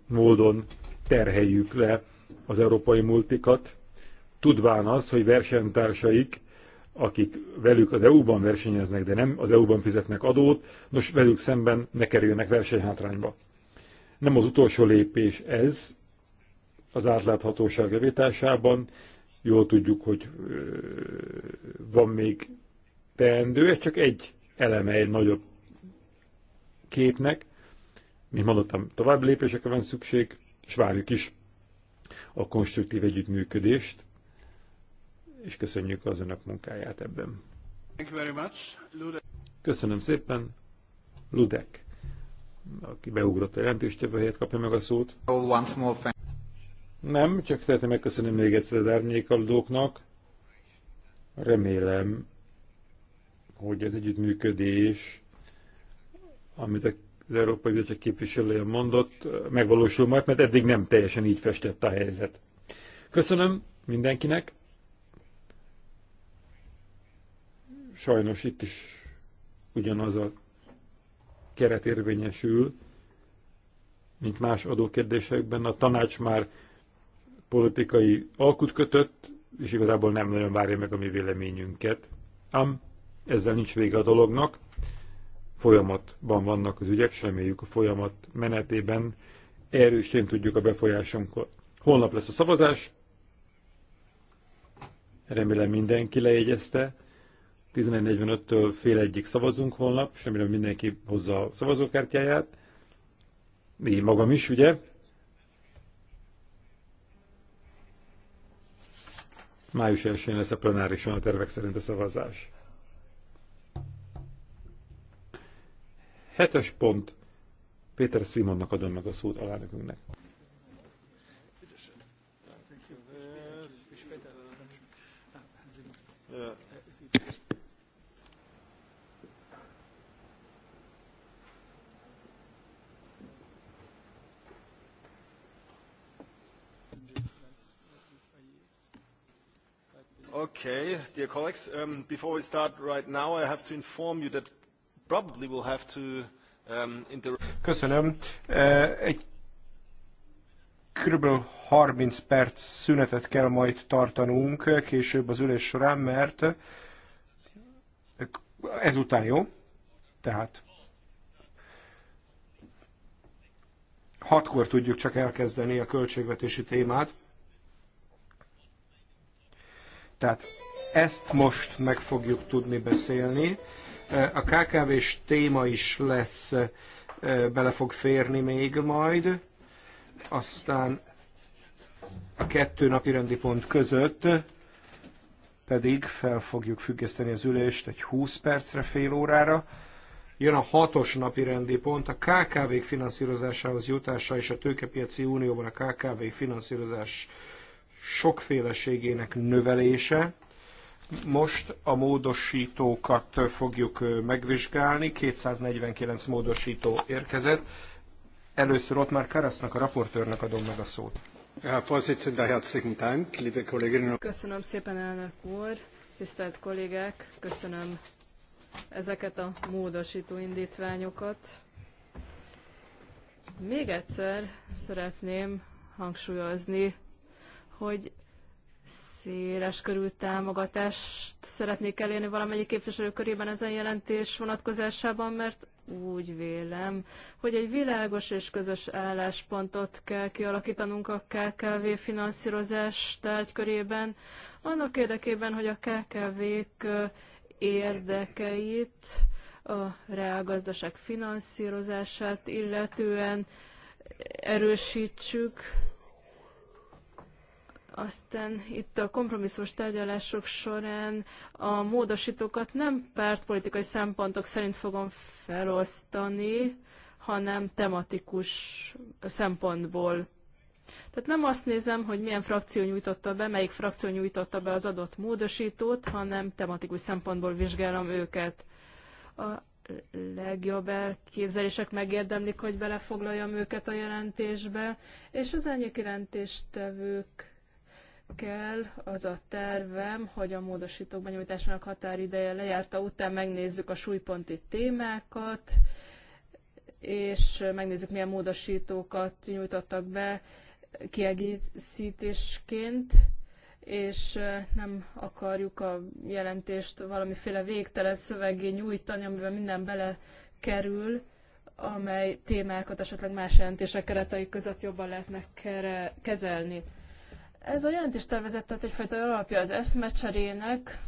módon terheljük le az európai multikat, tudván az, hogy versenytársaik, akik velük az EU-ban versenyeznek, de nem az EU-ban fizetnek adót, nos, velük szemben ne kerüljenek versenyhátrányba. Nem az utolsó lépés ez az átláthatóság javításában. Jól tudjuk, hogy van még teendő, ez csak egy eleme egy nagyobb képnek. Mint mondottam, további lépésekre van szükség, és várjuk is a konstruktív együttműködést és köszönjük az önök munkáját ebben. Köszönöm szépen, Ludek, aki beugrott a jelentéstevő helyet, kapja meg a szót. Oh, nem, csak szeretném megköszönni még egyszer az árnyékaldóknak. Remélem, hogy az együttműködés, amit az Európai Bizottság képviselője mondott, megvalósul majd, mert eddig nem teljesen így festett a helyzet. Köszönöm mindenkinek! Sajnos itt is ugyanaz a keret érvényesül, mint más adókérdésekben. A tanács már politikai alkut kötött, és igazából nem nagyon várja meg a mi véleményünket. Ám ezzel nincs vége a dolognak. Folyamatban vannak az ügyek, reméljük a folyamat menetében erősen tudjuk a befolyásunkat. Holnap lesz a szavazás, remélem mindenki lejegyezte, 11.45-től fél egyik szavazunk holnap, semmire mindenki hozza a szavazókártyáját. mi magam is, ugye? Május 1-én lesz a plenárison a tervek szerint a szavazás. Hetes pont. Péter Simonnak adom meg a szót alelnökünknek. Okay, dear colleagues, um, before we start right now, I have to inform you that probably we'll have to um, interrupt. Köszönöm. Uh, egy körülbelül 30 perc szünetet kell majd tartanunk később az ülés során, mert ezután jó, tehát hatkor tudjuk csak elkezdeni a költségvetési témát. Tehát ezt most meg fogjuk tudni beszélni. A KKV-s téma is lesz, bele fog férni még majd. Aztán a kettő napirendi pont között pedig fel fogjuk függeszteni az ülést egy 20 percre, fél órára. Jön a hatos napi rendi pont, a KKV-k finanszírozásához jutása és a tőkepiaci unióban a KKV finanszírozás sokféleségének növelése. Most a módosítókat fogjuk megvizsgálni, 249 módosító érkezett. Először ott már Karasznak, a raportőrnek adom meg a szót. Köszönöm szépen, elnök úr, tisztelt kollégák, köszönöm ezeket a módosító indítványokat. Még egyszer szeretném hangsúlyozni hogy széles körű támogatást szeretnék elérni valamennyi képviselő körében ezen jelentés vonatkozásában, mert úgy vélem, hogy egy világos és közös álláspontot kell kialakítanunk a KKV finanszírozás tárgykörében, annak érdekében, hogy a KKV-k érdekeit, a reálgazdaság finanszírozását illetően erősítsük, aztán itt a kompromisszós tárgyalások során a módosítókat nem pártpolitikai szempontok szerint fogom felosztani, hanem tematikus szempontból. Tehát nem azt nézem, hogy milyen frakció nyújtotta be, melyik frakció nyújtotta be az adott módosítót, hanem tematikus szempontból vizsgálom őket. A legjobb elképzelések megérdemlik, hogy belefoglaljam őket a jelentésbe, és az elnyék jelentéstevők kell, az a tervem, hogy a módosítók benyújtásának határideje lejárta után megnézzük a súlyponti témákat, és megnézzük, milyen módosítókat nyújtottak be kiegészítésként, és nem akarjuk a jelentést valamiféle végtelen szövegé nyújtani, amiben minden bele kerül, amely témákat esetleg más jelentések keretei között jobban lehetnek kezelni. Ez a jelentéstervezet tehát egyfajta alapja az eszmecserének.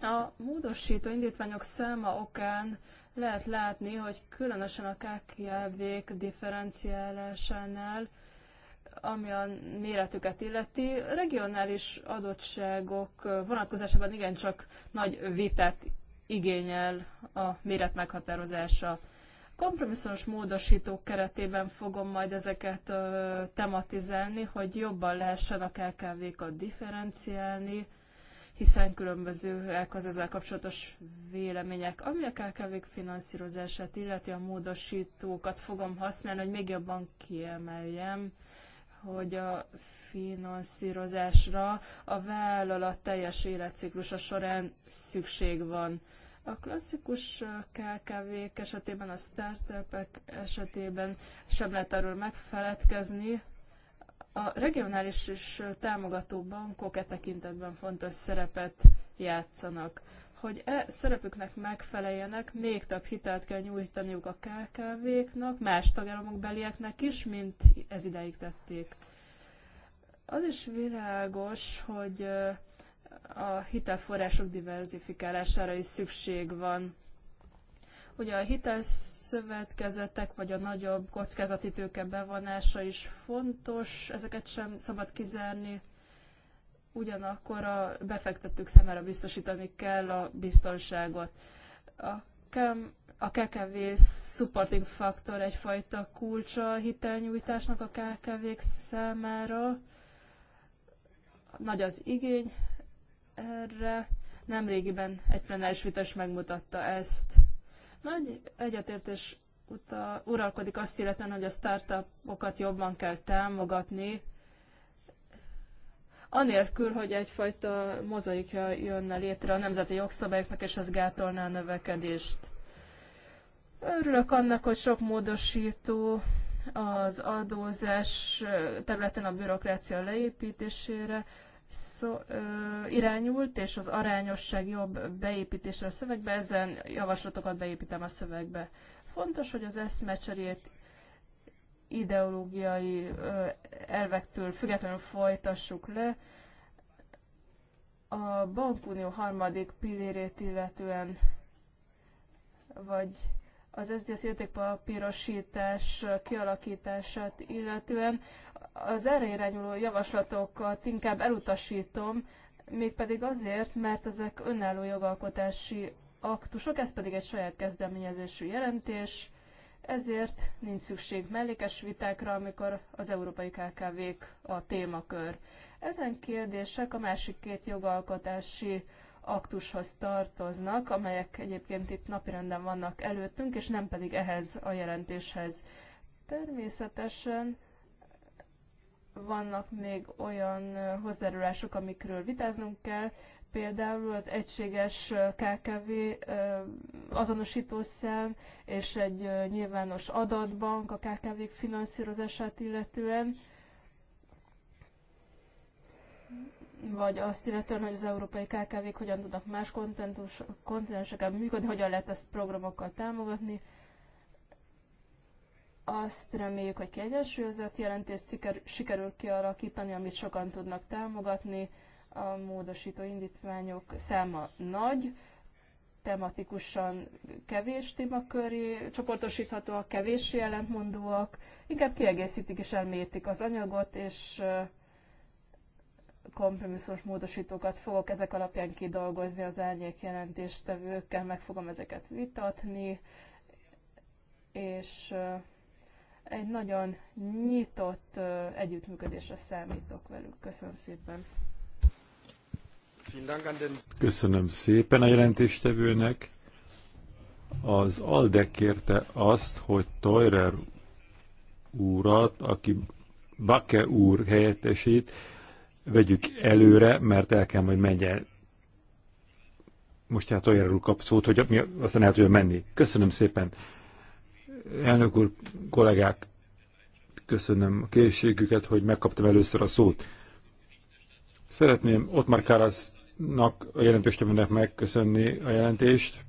A módosító indítványok száma okán lehet látni, hogy különösen a KKV-k differenciálásánál, ami a méretüket illeti, regionális adottságok vonatkozásában igencsak nagy vitát igényel a méret meghatározása. Kompromisszumos módosítók keretében fogom majd ezeket ö, tematizálni, hogy jobban lehessen a KKV-kat differenciálni, hiszen különbözőek az ezzel kapcsolatos vélemények. Ami a kkv finanszírozását illeti, a módosítókat fogom használni, hogy még jobban kiemeljem, hogy a finanszírozásra a vállalat teljes életciklusa során szükség van. A klasszikus uh, KKV-k esetében, a startupek esetében sem lehet arról megfeledkezni, a regionális és uh, támogató bankok e tekintetben fontos szerepet játszanak. Hogy e szerepüknek megfeleljenek, még több hitelt kell nyújtaniuk a KKV-knak, más tagállamok belieknek is, mint ez ideig tették. Az is világos, hogy uh, a hitelforrások diverzifikálására is szükség van. Ugye a hitelszövetkezetek vagy a nagyobb kockázati tőke bevonása is fontos, ezeket sem szabad kizárni, ugyanakkor a befektetők szemére biztosítani kell a biztonságot. A, KEM, a KKV supporting factor egyfajta kulcsa a hitelnyújtásnak a KKV-k számára. Nagy az igény, erre. Nemrégiben egy plenáris vitas megmutatta ezt. Nagy egyetértés uta, uralkodik azt illetően, hogy a startupokat jobban kell támogatni, anélkül, hogy egyfajta mozaikja jönne létre a nemzeti jogszabályoknak, és az gátolná a növekedést. Örülök annak, hogy sok módosító az adózás területen a bürokrácia leépítésére szó, ö, irányult, és az arányosság jobb beépítésre a szövegbe, ezen javaslatokat beépítem a szövegbe. Fontos, hogy az eszmecserét ideológiai ö, elvektől függetlenül folytassuk le. A bankunió harmadik pillérét illetően, vagy az SZDSZ értékpapírosítás kialakítását illetően az erre irányuló javaslatokat inkább elutasítom, mégpedig azért, mert ezek önálló jogalkotási aktusok, ez pedig egy saját kezdeményezésű jelentés, ezért nincs szükség mellékes vitákra, amikor az európai kkv a témakör. Ezen kérdések a másik két jogalkotási aktushoz tartoznak, amelyek egyébként itt napirenden vannak előttünk, és nem pedig ehhez a jelentéshez. Természetesen vannak még olyan hozzárulások, amikről vitáznunk kell, például az egységes KKV azonosítószám és egy nyilvános adatbank a KKV-k finanszírozását illetően, vagy azt illetően, hogy az európai KKV-k hogyan tudnak más kontinenseken működni, hogyan lehet ezt programokkal támogatni. Azt reméljük, hogy kiegyensúlyozott jelentést sikerül kialakítani, amit sokan tudnak támogatni. A módosító indítványok száma nagy, tematikusan kevés témaköré csoportosíthatóak, kevés jelentmondóak, inkább kiegészítik és elmétik az anyagot, és kompromisszós módosítókat fogok ezek alapján kidolgozni az árnyék jelentéstevőkkel, meg fogom ezeket vitatni, és egy nagyon nyitott együttműködésre számítok velük. Köszönöm szépen. Köszönöm szépen a jelentéstevőnek. Az ALDE kérte azt, hogy Toyrer úrat, aki Bakke úr helyettesít, vegyük előre, mert el kell majd menjen. Most hát Toyrer úr kap szót, hogy mi aztán el tudja menni. Köszönöm szépen. Elnök úr, kollégák, köszönöm a készségüket, hogy megkaptam először a szót. Szeretném ott már Kárasznak, a jelentőstevőnek megköszönni a jelentést.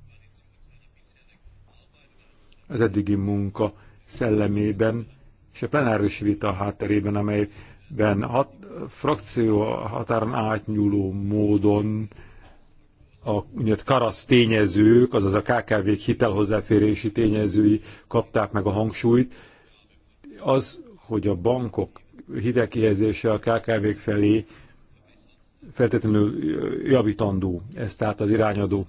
Az eddigi munka szellemében és a plenáris vita hátterében, amelyben hat, frakció határon átnyúló módon a karasz tényezők, azaz a KKV-k hitelhozzáférési tényezői kapták meg a hangsúlyt, az, hogy a bankok hitelkihelyezése a KKV-k felé feltétlenül javítandó, ez tehát az irányadó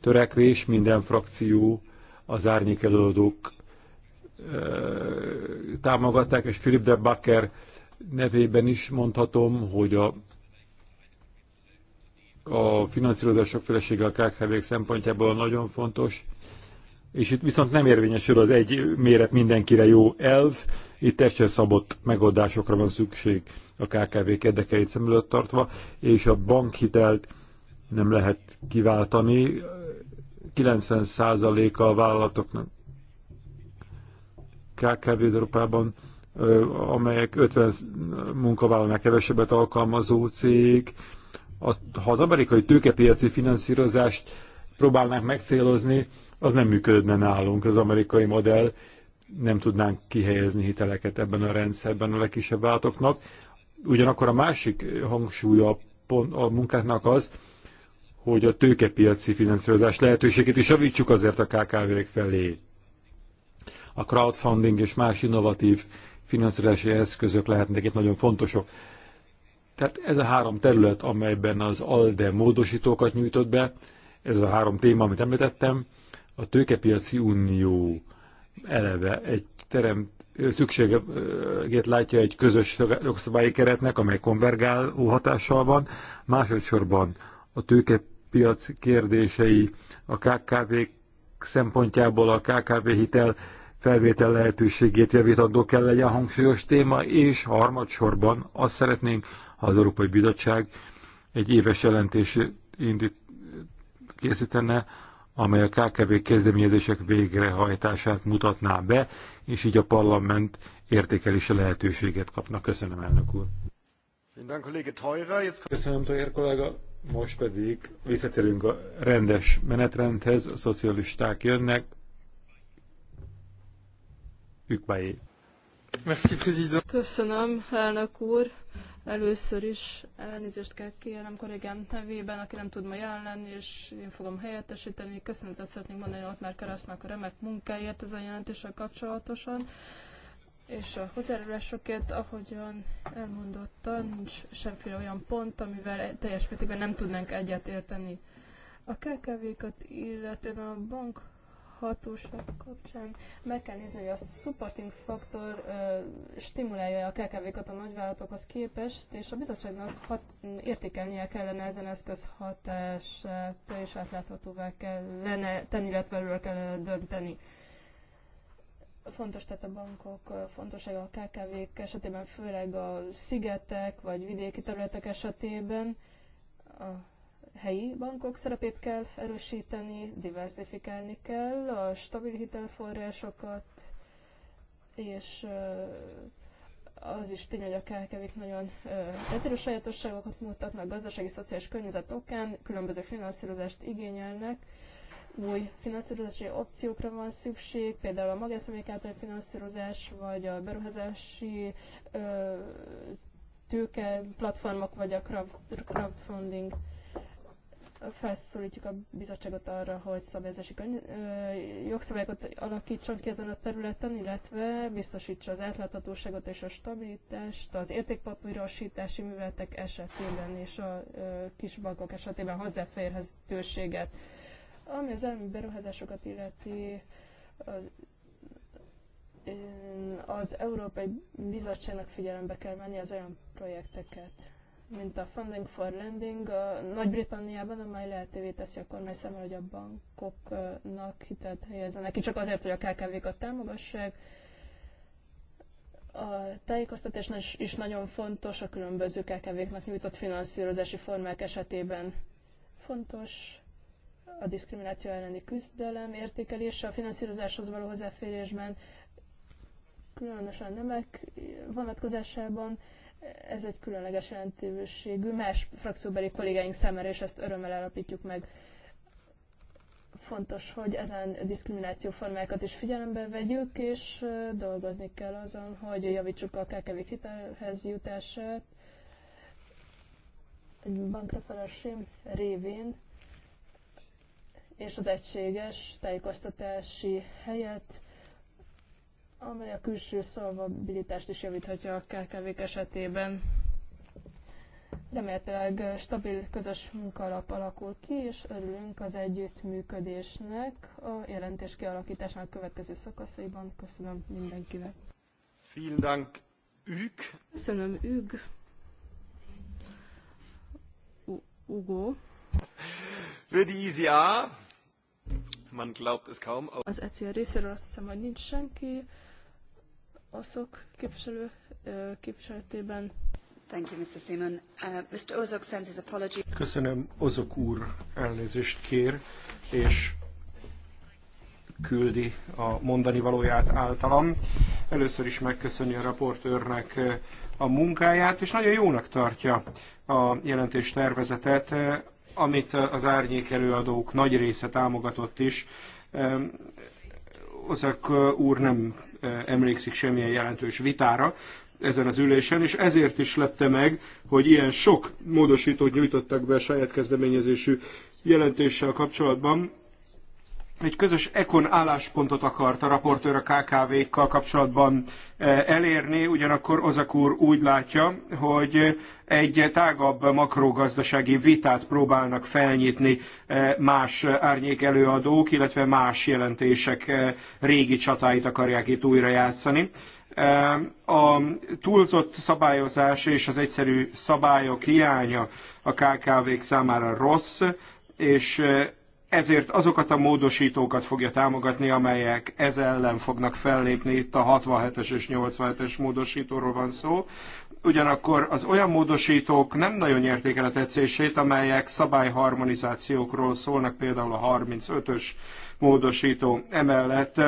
törekvés, minden frakció, az árnyék előadók támogatták, és Philip de Bakker nevében is mondhatom, hogy a a finanszírozások felesége a kkv szempontjából nagyon fontos, és itt viszont nem érvényesül az egy méret mindenkire jó elv, itt testre szabott megoldásokra van szükség a KKV-k érdekeit szem előtt tartva, és a bankhitelt nem lehet kiváltani. 90%-a a vállalatoknak KKV Európában, amelyek 50 munkavállalnál kevesebbet alkalmazó cég, a, ha az amerikai tőkepiaci finanszírozást próbálnánk megcélozni, az nem működne nálunk, az amerikai modell, nem tudnánk kihelyezni hiteleket ebben a rendszerben a legkisebb váltoknak. Ugyanakkor a másik hangsúlya a, a munkáknak az, hogy a tőkepiaci finanszírozás lehetőségét is javítsuk azért a KKV-k felé. A crowdfunding és más innovatív finanszírozási eszközök lehetnek itt nagyon fontosok tehát ez a három terület, amelyben az ALDE módosítókat nyújtott be, ez a három téma, amit említettem, a tőkepiaci unió eleve egy terem szükségét látja egy közös jogszabályi keretnek, amely konvergáló hatással van, másodszorban a tőkepiac kérdései a KKV szempontjából a KKV hitel felvétel lehetőségét javítandó kell legyen hangsúlyos téma, és harmadsorban azt szeretnénk, az Európai Bizottság egy éves jelentését indít, készítene, amely a KKV kezdeményezések végrehajtását mutatná be, és így a parlament értékelése lehetőséget kapna. Köszönöm, elnök úr. Köszönöm, Teuer kollega. Most pedig visszatérünk a rendes menetrendhez. A szocialisták jönnek. Ükbájé. Köszönöm, elnök úr. Először is elnézést kell kérnem kollégám nevében, aki nem tud ma jelen lenni, és én fogom helyettesíteni. Köszönetet szeretnék mondani ott már Karasznak a remek munkáért ezen jelentéssel kapcsolatosan. És a hozzájárulásokért, ahogyan elmondotta, nincs semmiféle olyan pont, amivel teljes mértékben nem tudnánk egyet érteni. A KKV-kat illetve a bank hatóság kapcsán meg kell nézni, hogy a supporting faktor ö, stimulálja a KKV-kat a nagyvállalatokhoz képest, és a bizottságnak hat, értékelnie kellene ezen eszköz hatását, és átláthatóvá kellene tenni, illetve erről kellene dönteni. Fontos tehát a bankok fontossága a KKV-k esetében, főleg a szigetek vagy vidéki területek esetében. A helyi bankok szerepét kell erősíteni, diversifikálni kell a stabil hitelforrásokat, és az is tény, hogy a kkv nagyon eltérő sajátosságokat mutatnak, gazdasági, szociális környezet okán különböző finanszírozást igényelnek, új finanszírozási opciókra van szükség, például a magánszemélyek által finanszírozás, vagy a beruházási ö, tőke platformok, vagy a crowdfunding felszólítjuk a bizottságot arra, hogy szabályozási jogszabályokat alakítson ki ezen a területen, illetve biztosítsa az átláthatóságot és a stabilitást az értékpapírosítási műveletek esetében és a kisbankok esetében hozzáférhetőséget. Ami az elmi beruházásokat illeti, az az Európai Bizottságnak figyelembe kell menni az olyan projekteket, mint a Funding for Lending Nagy-Britanniában, amely lehetővé teszi a kormány számára, hogy a bankoknak hitelt helyezzenek ki, csak azért, hogy a KKV-kat támogassák. A tájékoztatás is nagyon fontos a különböző KKV-knak nyújtott finanszírozási formák esetében. Fontos a diszkrimináció elleni küzdelem értékelése a finanszírozáshoz való hozzáférésben, különösen nemek vonatkozásában, ez egy különleges jelentőségű. Más frakcióbeli kollégáink számára is ezt örömmel állapítjuk meg. Fontos, hogy ezen formákat is figyelembe vegyük, és dolgozni kell azon, hogy javítsuk a KKV hitelhez jutását, egy bankra felesém révén, és az egységes tájékoztatási helyet amely a külső szolvabilitást is javíthatja a kkv esetében. Remélhetőleg stabil közös munkalap alakul ki, és örülünk az együttműködésnek a jelentés kialakításának következő szakaszaiban. Köszönöm mindenkinek. Vielen Dank, Üg. Köszönöm, Üg. U Ugo. Für die ISIA. Man glaubt es kaum. Az ECR részéről azt hiszem, hogy nincs senki képviselő képviseletében. Thank you, Mr. Simon. Uh, Mr. Ozok sends his apology. Köszönöm, Ozok úr elnézést kér, és küldi a mondani valóját általam. Először is megköszöni a raportőrnek a munkáját, és nagyon jónak tartja a jelentés tervezetet, amit az árnyék előadók nagy része támogatott is. Ozak úr nem emlékszik semmilyen jelentős vitára ezen az ülésen, és ezért is lette meg, hogy ilyen sok módosítót nyújtottak be a saját kezdeményezésű jelentéssel kapcsolatban, egy közös ekon álláspontot akart a raportőr a KKV-kkal kapcsolatban e, elérni, ugyanakkor Ozak úr úgy látja, hogy egy tágabb makrogazdasági vitát próbálnak felnyitni e, más árnyék előadók, illetve más jelentések e, régi csatáit akarják itt újra játszani. A túlzott szabályozás és az egyszerű szabályok hiánya a KKV-k számára rossz, és ezért azokat a módosítókat fogja támogatni, amelyek ez ellen fognak fellépni. Itt a 67-es és 87-es módosítóról van szó. Ugyanakkor az olyan módosítók nem nagyon nyerték el a tetszését, amelyek szabályharmonizációkról szólnak, például a 35-ös módosító. Emellett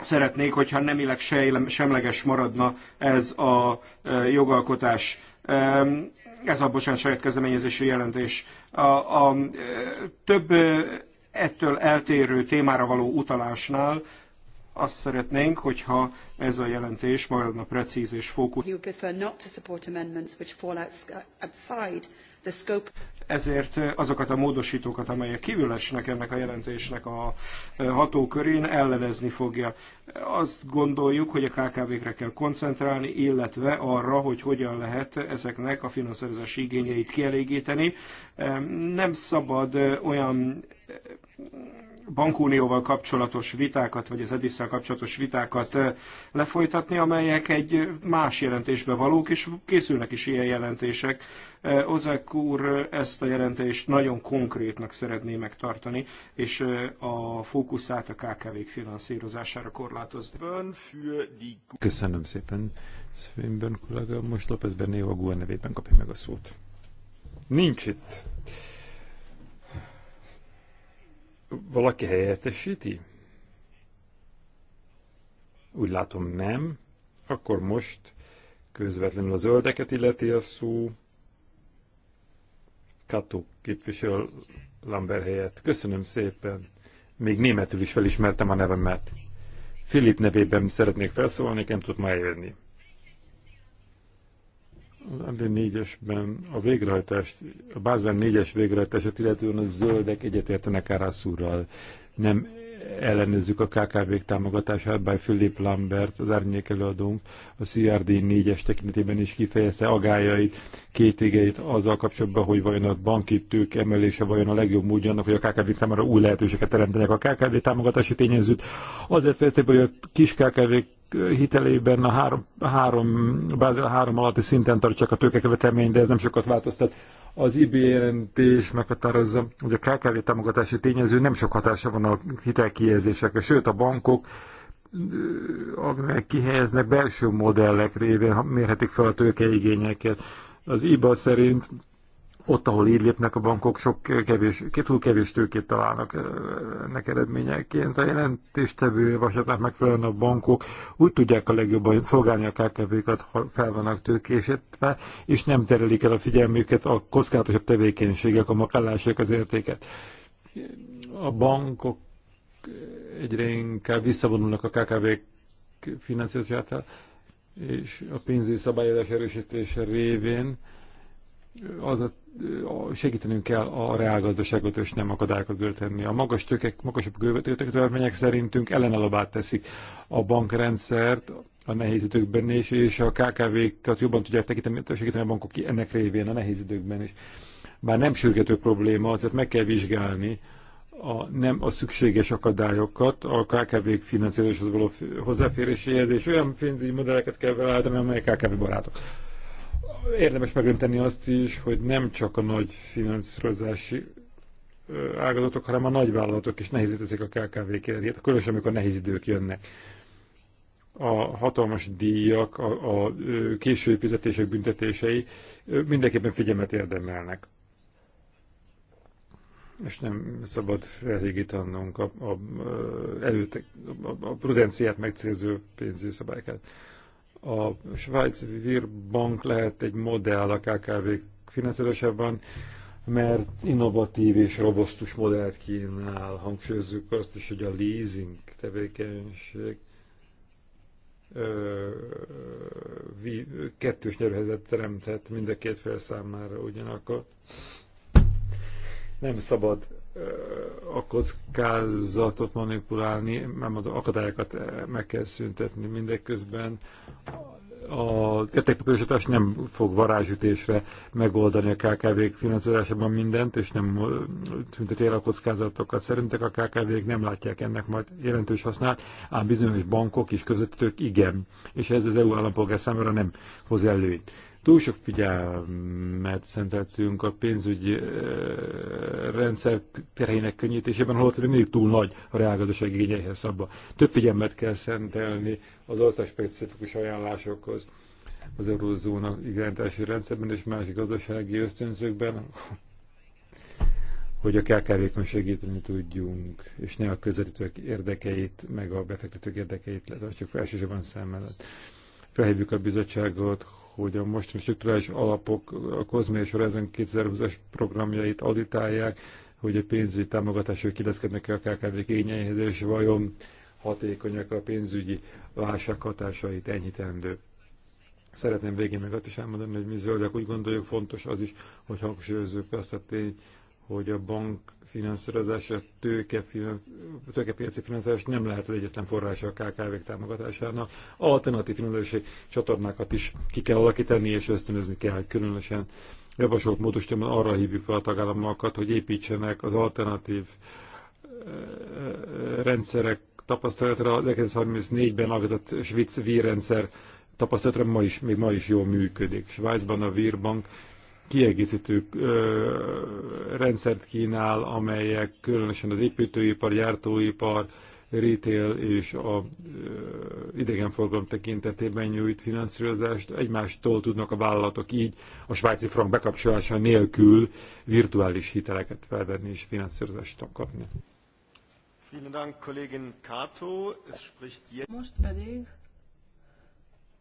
szeretnék, hogyha nemileg semleges maradna ez a e, jogalkotás ez a, bocsánat, saját kezdeményezésű jelentés a, a több ettől eltérő témára való utalásnál azt szeretnénk, hogyha ez a jelentés maradna precíz és fókusz ezért azokat a módosítókat, amelyek esnek ennek a jelentésnek a hatókörén, ellenezni fogja. Azt gondoljuk, hogy a KKV-kre kell koncentrálni, illetve arra, hogy hogyan lehet ezeknek a finanszírozási igényeit kielégíteni. Nem szabad olyan bankunióval kapcsolatos vitákat, vagy az edis kapcsolatos vitákat lefolytatni, amelyek egy más jelentésbe valók, és készülnek is ilyen jelentések. Ozek úr ezt a jelentést nagyon konkrétnak szeretné megtartani, és a fókuszát a KKV-k finanszírozására korlátozni. Köszönöm szépen, Svenbön kollega. Most López Bernéva Gúl nevében kapja meg a szót. Nincs itt. Valaki helyettesíti? Úgy látom nem. Akkor most közvetlenül a zöldeket illeti a szó. Kato képviselő Lambert helyett. Köszönöm szépen. Még németül is felismertem a nevemet. Filip nevében szeretnék felszólalni, nem tud ma eljönni. Az MD4-esben a végrehajtást, a Bázen 4-es végrehajtását illetően a zöldek egyetértenek Árászúrral. Nem ellenőrzzük a KKV-k támogatását, bár Philip Lambert, az árnyék előadónk, a CRD 4-es tekintetében is kifejezte agájait, kétégeit azzal kapcsolatban, hogy vajon a banki tők emelése vajon a legjobb módja annak, hogy a KKV számára új lehetőséget teremtenek. A KKV támogatási tényezőt azért fejezték, hogy a kis KKV hitelében a három, három Bázel 3 alatti szinten tartsák a tőkekövetelmény, de ez nem sokat változtat. Az IB jelentés meghatározza, hogy a KKV támogatási tényező nem sok hatása van a hitelkihelyezésekre, sőt a bankok amelyek kihelyeznek belső modellek révén mérhetik fel a tőkeigényeket. Az IBA szerint ott, ahol így lépnek a bankok, sok kevés, túl kevés tőkét találnak ennek eredményeként. A jelentéstevő vasatnak megfelelően a bankok úgy tudják a legjobban szolgálni a KKV-kat, ha fel vannak tőkésítve, és nem terelik el a figyelmüket a kockázatosabb tevékenységek, a makállások az értéket. A bankok egyre inkább visszavonulnak a kkv finanszírozását, és a pénzügyi szabályozás erősítése révén az a segítenünk kell a reálgazdaságot, és nem akadályokat görtenni. A magas tökek, magasabb követelmények szerintünk ellenállóbbá teszik a bankrendszert, a nehéz időkben is, és a KKV-kat jobban tudják tekinteni, segíteni a bankok ennek révén a nehéz időkben is. Bár nem sürgető probléma, azért meg kell vizsgálni a, nem a szükséges akadályokat a KKV-k finanszírozáshoz való hozzáféréséhez, és olyan pénzügyi modelleket kell felállítani, amelyek KKV barátok. Érdemes megönteni azt is, hogy nem csak a nagy finanszírozási ágazatok, hanem a nagyvállalatok is nehézítezik a KKV kérdését, különösen amikor nehéz idők jönnek. A hatalmas díjak, a, a késői fizetések büntetései mindenképpen figyelmet érdemelnek. És nem szabad felhigítanunk a, a, előtte, a, a prudenciát megcélző pénzügyi szabályokat. A Svájc Virbank lehet egy modell a KKV finanszírozásában, mert innovatív és robosztus modellt kínál. Hangsúlyozzuk azt is, hogy a leasing tevékenység ö, vi, kettős nyerőhelyzet teremthet mind a két fél számára ugyanakkor. Nem szabad a kockázatot manipulálni, nem az akadályokat meg kell szüntetni mindeközben. A kettekpapírosítás nem fog varázsütésre megoldani a KKV-k finanszírozásában mindent, és nem tünteti el a kockázatokat. Szerintek a KKV-k nem látják ennek majd jelentős hasznát, ám bizonyos bankok és közvetítők igen, és ez az EU állampolgár számára nem hoz előnyt. Túl sok figyelmet szenteltünk a pénzügyi rendszer terhének könnyítésében, holott mindig túl nagy a reálgazdaság igényeihez szabva. Több figyelmet kell szentelni az specifikus ajánlásokhoz az eurózónak irányítási rendszerben és más gazdasági ösztönzőkben, hogy a kkv segíteni tudjunk, és ne a közvetítők érdekeit, meg a befektetők érdekeit csak elsősorban szem mellett. Felhívjuk a bizottságot, hogy a mostani struktúrális alapok a COSME és Rezen 2020-as programjait auditálják, hogy a pénzügyi támogatások kileszkednek -e a KKV kényeihez, és vajon hatékonyak a pénzügyi válság hatásait enyhítendő. Szeretném végén meg azt is elmondani, hogy mi zöldek úgy gondoljuk, fontos az is, hogy hangsúlyozzuk azt a tény, hogy a bank finanszírozás, a tőkepiaci finanszírozás nem lehet az egyetlen forrása a kkv támogatásának. Alternatív finanszírozási csatornákat is ki kell alakítani és ösztönözni kell, különösen javasolt módosítóban arra hívjuk fel a tagállamokat, hogy építsenek az alternatív eh, rendszerek tapasztalatra, 1934-ben alkotott Svic vírrendszer tapasztalatra ma is, még ma is jól működik. Svájcban a Vírbank kiegészítő ö, rendszert kínál, amelyek különösen az építőipar, gyártóipar, retail és a ö, idegenforgalom tekintetében nyújt finanszírozást. Egymástól tudnak a vállalatok így a svájci frank bekapcsolása nélkül virtuális hiteleket felvenni és finanszírozást kapni. Most pedig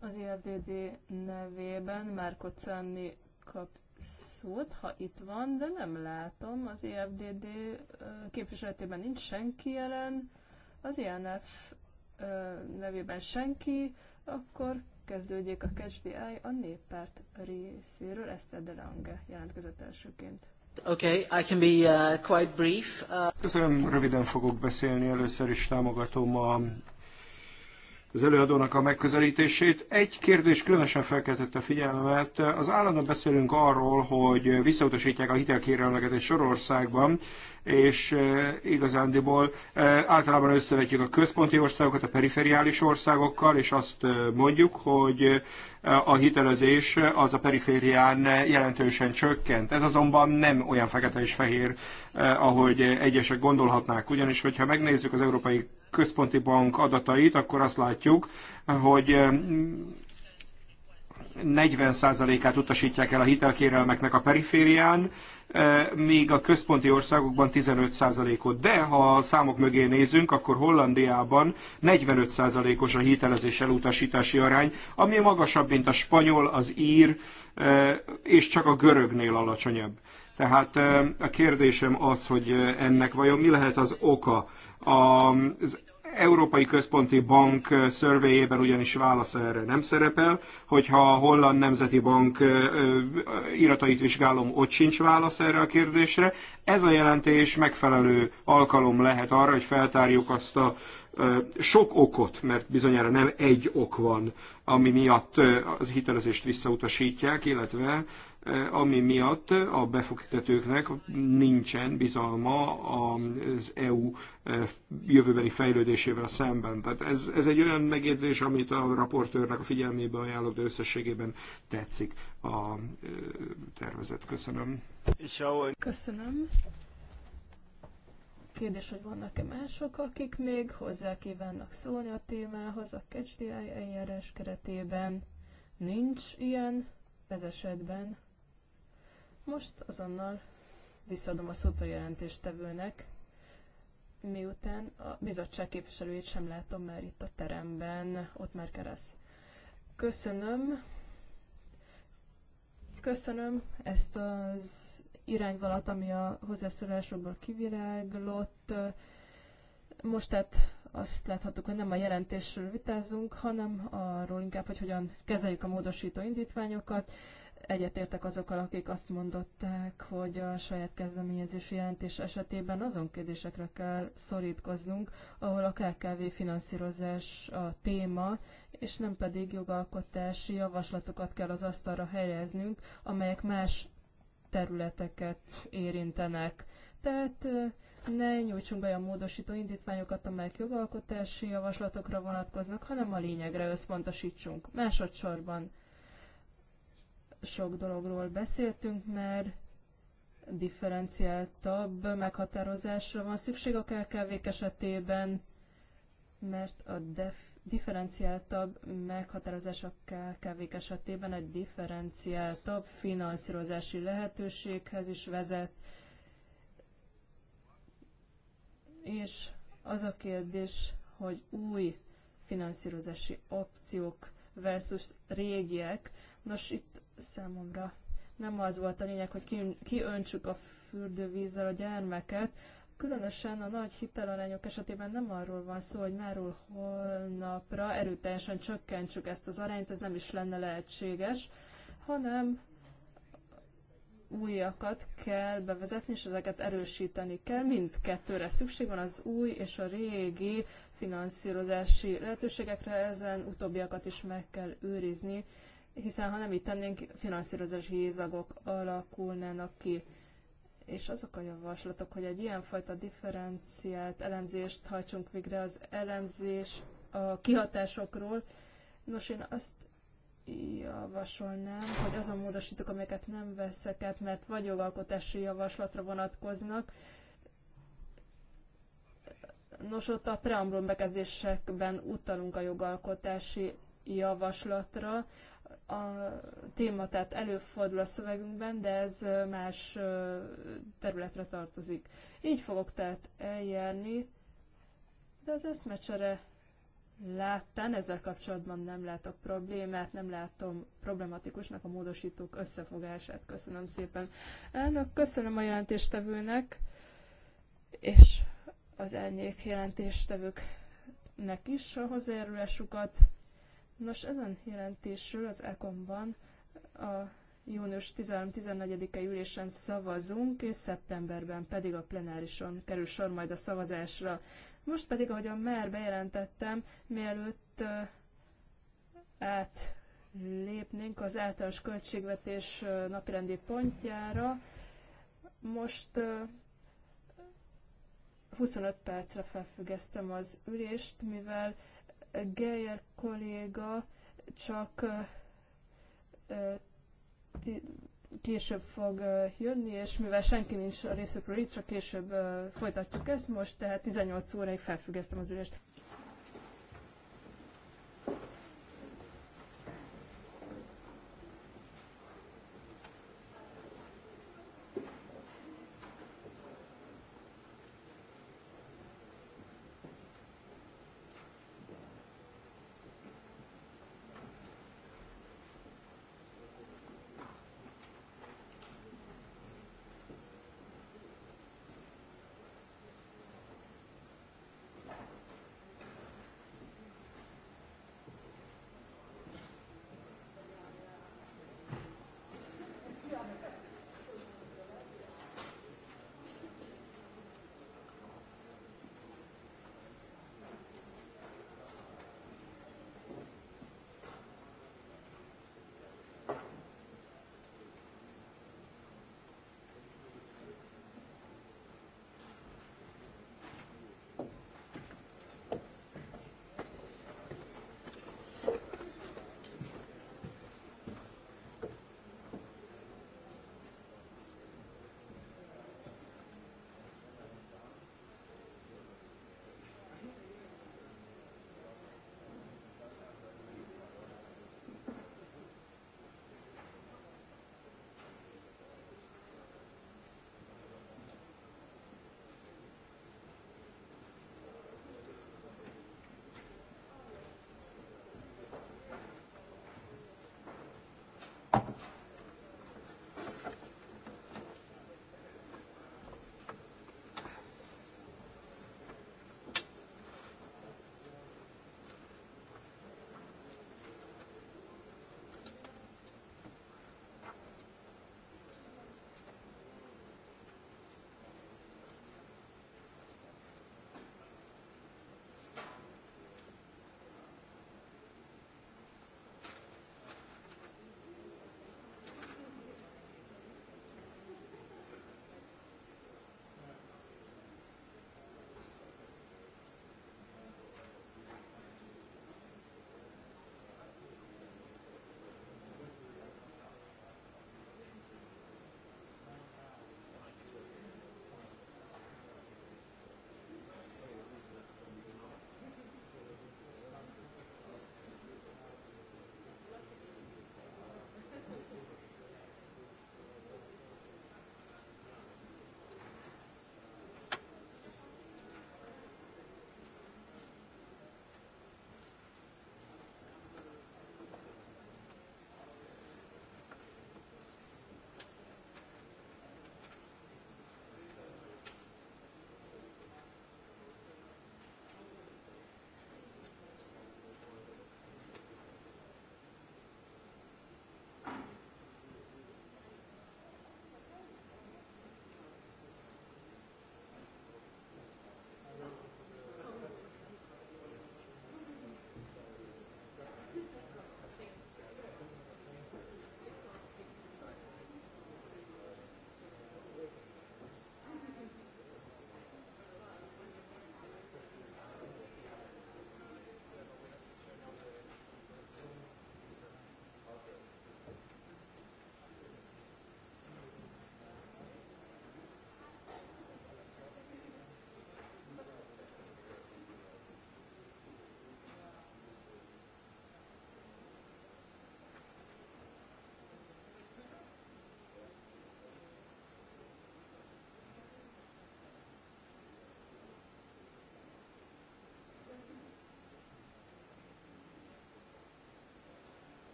az EFDD nevében Márko Czanni kap szót, ha itt van, de nem látom. Az EFDD képviseletében nincs senki jelen, az INF e nevében senki, akkor kezdődjék a Catch the Eye a néppárt részéről. Eszter de Lange jelentkezett elsőként. Okay, I can be uh, quite brief. Uh... Köszönöm, röviden fogok beszélni. Először is támogatom a az előadónak a megközelítését. Egy kérdés különösen felkeltette a figyelmet. Az állandóan beszélünk arról, hogy visszautasítják a hitelkérelmeket egy sorországban, és eh, igazándiból eh, általában összevetjük a központi országokat a perifériális országokkal, és azt eh, mondjuk, hogy a hitelezés az a periférián jelentősen csökkent. Ez azonban nem olyan fekete és fehér, ahogy egyesek gondolhatnák, ugyanis hogyha megnézzük az európai központi bank adatait, akkor azt látjuk, hogy 40%-át eh, utasítják el a hitelkérelmeknek a periférián, eh, még a központi országokban 15%-ot. De ha a számok mögé nézünk, akkor Hollandiában 45%-os a hitelezés elutasítási arány, ami magasabb, mint a spanyol, az ír, eh, és csak a görögnél alacsonyabb. Tehát a kérdésem az, hogy ennek vajon mi lehet az oka, az Európai Központi Bank szörvéjében ugyanis válasz erre nem szerepel, hogyha a Holland Nemzeti Bank iratait vizsgálom, ott sincs válasz erre a kérdésre. Ez a jelentés megfelelő alkalom lehet arra, hogy feltárjuk azt a sok okot, mert bizonyára nem egy ok van, ami miatt az hitelezést visszautasítják, illetve E, ami miatt a befektetőknek nincsen bizalma az EU e, jövőbeni fejlődésével szemben. Tehát ez, ez egy olyan megjegyzés, amit a raportőrnek a figyelmébe ajánlok, de összességében tetszik a e, tervezet. Köszönöm. Köszönöm. Kérdés, hogy vannak-e mások, akik még hozzá kívánnak szólni a témához a KCDI eljárás keretében? Nincs ilyen ez esetben most azonnal visszaadom a szót a jelentéstevőnek, miután a bizottság képviselőjét sem látom már itt a teremben, ott már keresz. Köszönöm. Köszönöm ezt az irányvalat, ami a hozzászólásokban kiviráglott. Most tehát azt láthattuk, hogy nem a jelentésről vitázunk, hanem arról inkább, hogy hogyan kezeljük a módosító indítványokat egyetértek azokkal, akik azt mondották, hogy a saját kezdeményezési jelentés esetében azon kérdésekre kell szorítkoznunk, ahol a KKV finanszírozás a téma, és nem pedig jogalkotási javaslatokat kell az asztalra helyeznünk, amelyek más területeket érintenek. Tehát ne nyújtsunk be olyan módosító indítványokat, amelyek jogalkotási javaslatokra vonatkoznak, hanem a lényegre összpontosítsunk. Másodszorban sok dologról beszéltünk mert differenciáltabb meghatározásra van szükség a kkv esetében, mert a def differenciáltabb meghatározás a kkv esetében egy differenciáltabb finanszírozási lehetőséghez is vezet. És az a kérdés, hogy új finanszírozási opciók versus régiek. Nos, itt számomra nem az volt a lényeg, hogy kiöntsük a fürdővízzel a gyermeket, Különösen a nagy hitelarányok esetében nem arról van szó, hogy máról holnapra erőteljesen csökkentsük ezt az arányt, ez nem is lenne lehetséges, hanem újakat kell bevezetni, és ezeket erősíteni kell. Mindkettőre szükség van az új és a régi finanszírozási lehetőségekre, ezen utóbbiakat is meg kell őrizni, hiszen ha nem így tennénk, finanszírozási hézagok alakulnának ki. És azok a javaslatok, hogy egy ilyenfajta differenciált elemzést hajtsunk végre az elemzés a kihatásokról. Nos, én azt javasolnám, hogy azon módosítok, amelyeket nem veszek át, mert vagy jogalkotási javaslatra vonatkoznak. Nos, ott a preambulum bekezdésekben utalunk a jogalkotási javaslatra, a téma tehát előfordul a szövegünkben, de ez más területre tartozik. Így fogok tehát eljárni, de az eszmecsere láttán ezzel kapcsolatban nem látok problémát, nem látom problematikusnak a módosítók összefogását. Köszönöm szépen. Elnök, köszönöm a jelentéstevőnek, és az elnyék jelentéstevőknek is a hozzájárulásukat. Nos, ezen jelentésről az ECOM-ban a június 13-14-e ülésen szavazunk, és szeptemberben pedig a plenárison kerül sor majd a szavazásra. Most pedig, a már bejelentettem, mielőtt lépnénk az általános költségvetés napirendi pontjára, most 25 percre felfüggesztem az ülést, mivel Geyer kolléga csak később fog jönni, és mivel senki nincs a részükről itt, csak később folytatjuk ezt most, tehát 18 óráig felfüggesztem az ülést.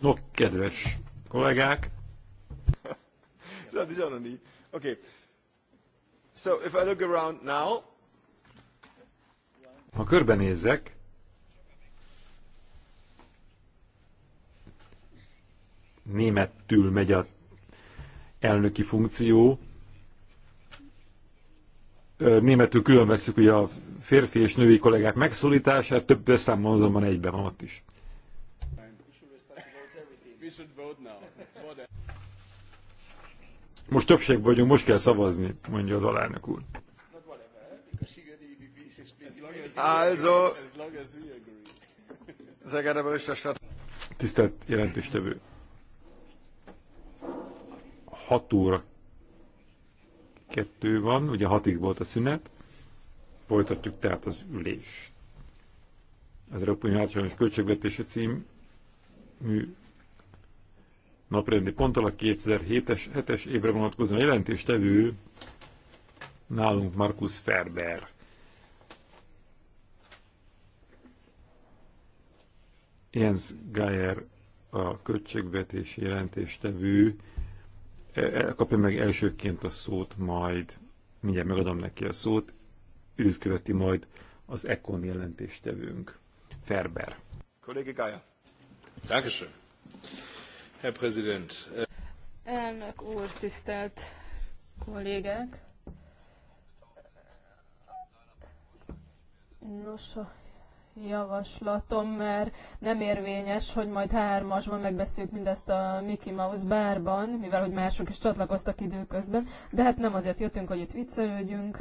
No, kedves kollégák! Szóval, okay. So, if I look around now... Ha körbenézek, németül megy a elnöki funkció, németül külön veszük ugye a férfi és női kollégák megszólítását, több számban azonban egyben van ott is. Most többség vagyunk, most kell szavazni, mondja az alelnök úr. Also, tisztelt jelentéstevő, 6 óra kettő van, ugye hatig volt a szünet, folytatjuk tehát az ülés. Az Európai Általános Költségvetési cím mű naprendi ponttal a 2007-es évre vonatkozó jelentéstevő nálunk Markus Ferber. Jens Geyer a költségvetési jelentéstevő kapja meg elsőként a szót, majd mindjárt megadom neki a szót, őt követi majd az Econ jelentéstevőnk, Ferber. Kollégi Gája. Dankeschön. Herr Präsident. Äh, Elnök úr, tisztelt kollégák! Nos, a javaslatom, mert nem érvényes, hogy majd hármasban megbeszéljük mindezt a Mickey Mouse bárban, mivel hogy mások is csatlakoztak időközben, de hát nem azért jöttünk, hogy itt viccelődjünk.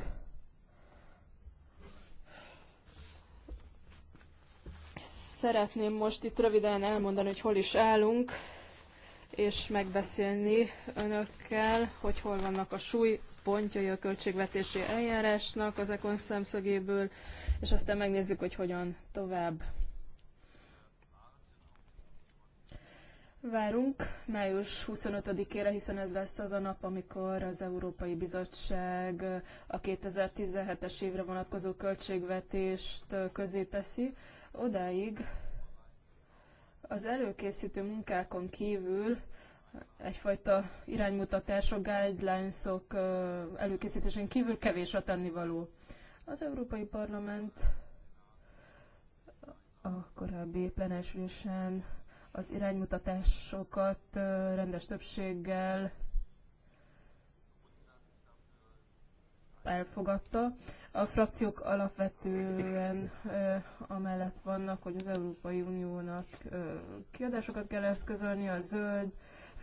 Szeretném most itt röviden elmondani, hogy hol is állunk, és megbeszélni önökkel, hogy hol vannak a súly pontjai a költségvetési eljárásnak az ekon szemszögéből, és aztán megnézzük, hogy hogyan tovább. Várunk május 25-ére, hiszen ez lesz az a nap, amikor az Európai Bizottság a 2017-es évre vonatkozó költségvetést közé teszi. Odáig az előkészítő munkákon kívül egyfajta iránymutatások, guidelinesok -ok előkészítésén kívül kevés a tennivaló. Az Európai Parlament a korábbi plenásülésen az iránymutatásokat rendes többséggel elfogadta. A frakciók alapvetően ö, amellett vannak, hogy az Európai Uniónak ö, kiadásokat kell eszközölni, a zöld,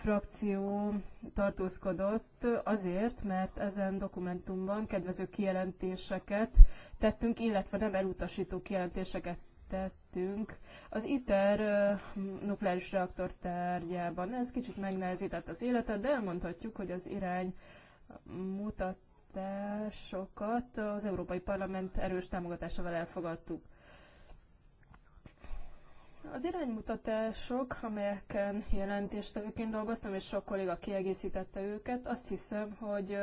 frakció tartózkodott azért, mert ezen dokumentumban kedvező kijelentéseket tettünk, illetve nem elutasító kijelentéseket tettünk. Az ITER nukleáris reaktor tárgyában ez kicsit megnehezített az életet, de elmondhatjuk, hogy az irány mutatásokat az Európai Parlament erős támogatásával elfogadtuk. Az iránymutatások, amelyeken jelentéstevőként dolgoztam, és sok kolléga kiegészítette őket, azt hiszem, hogy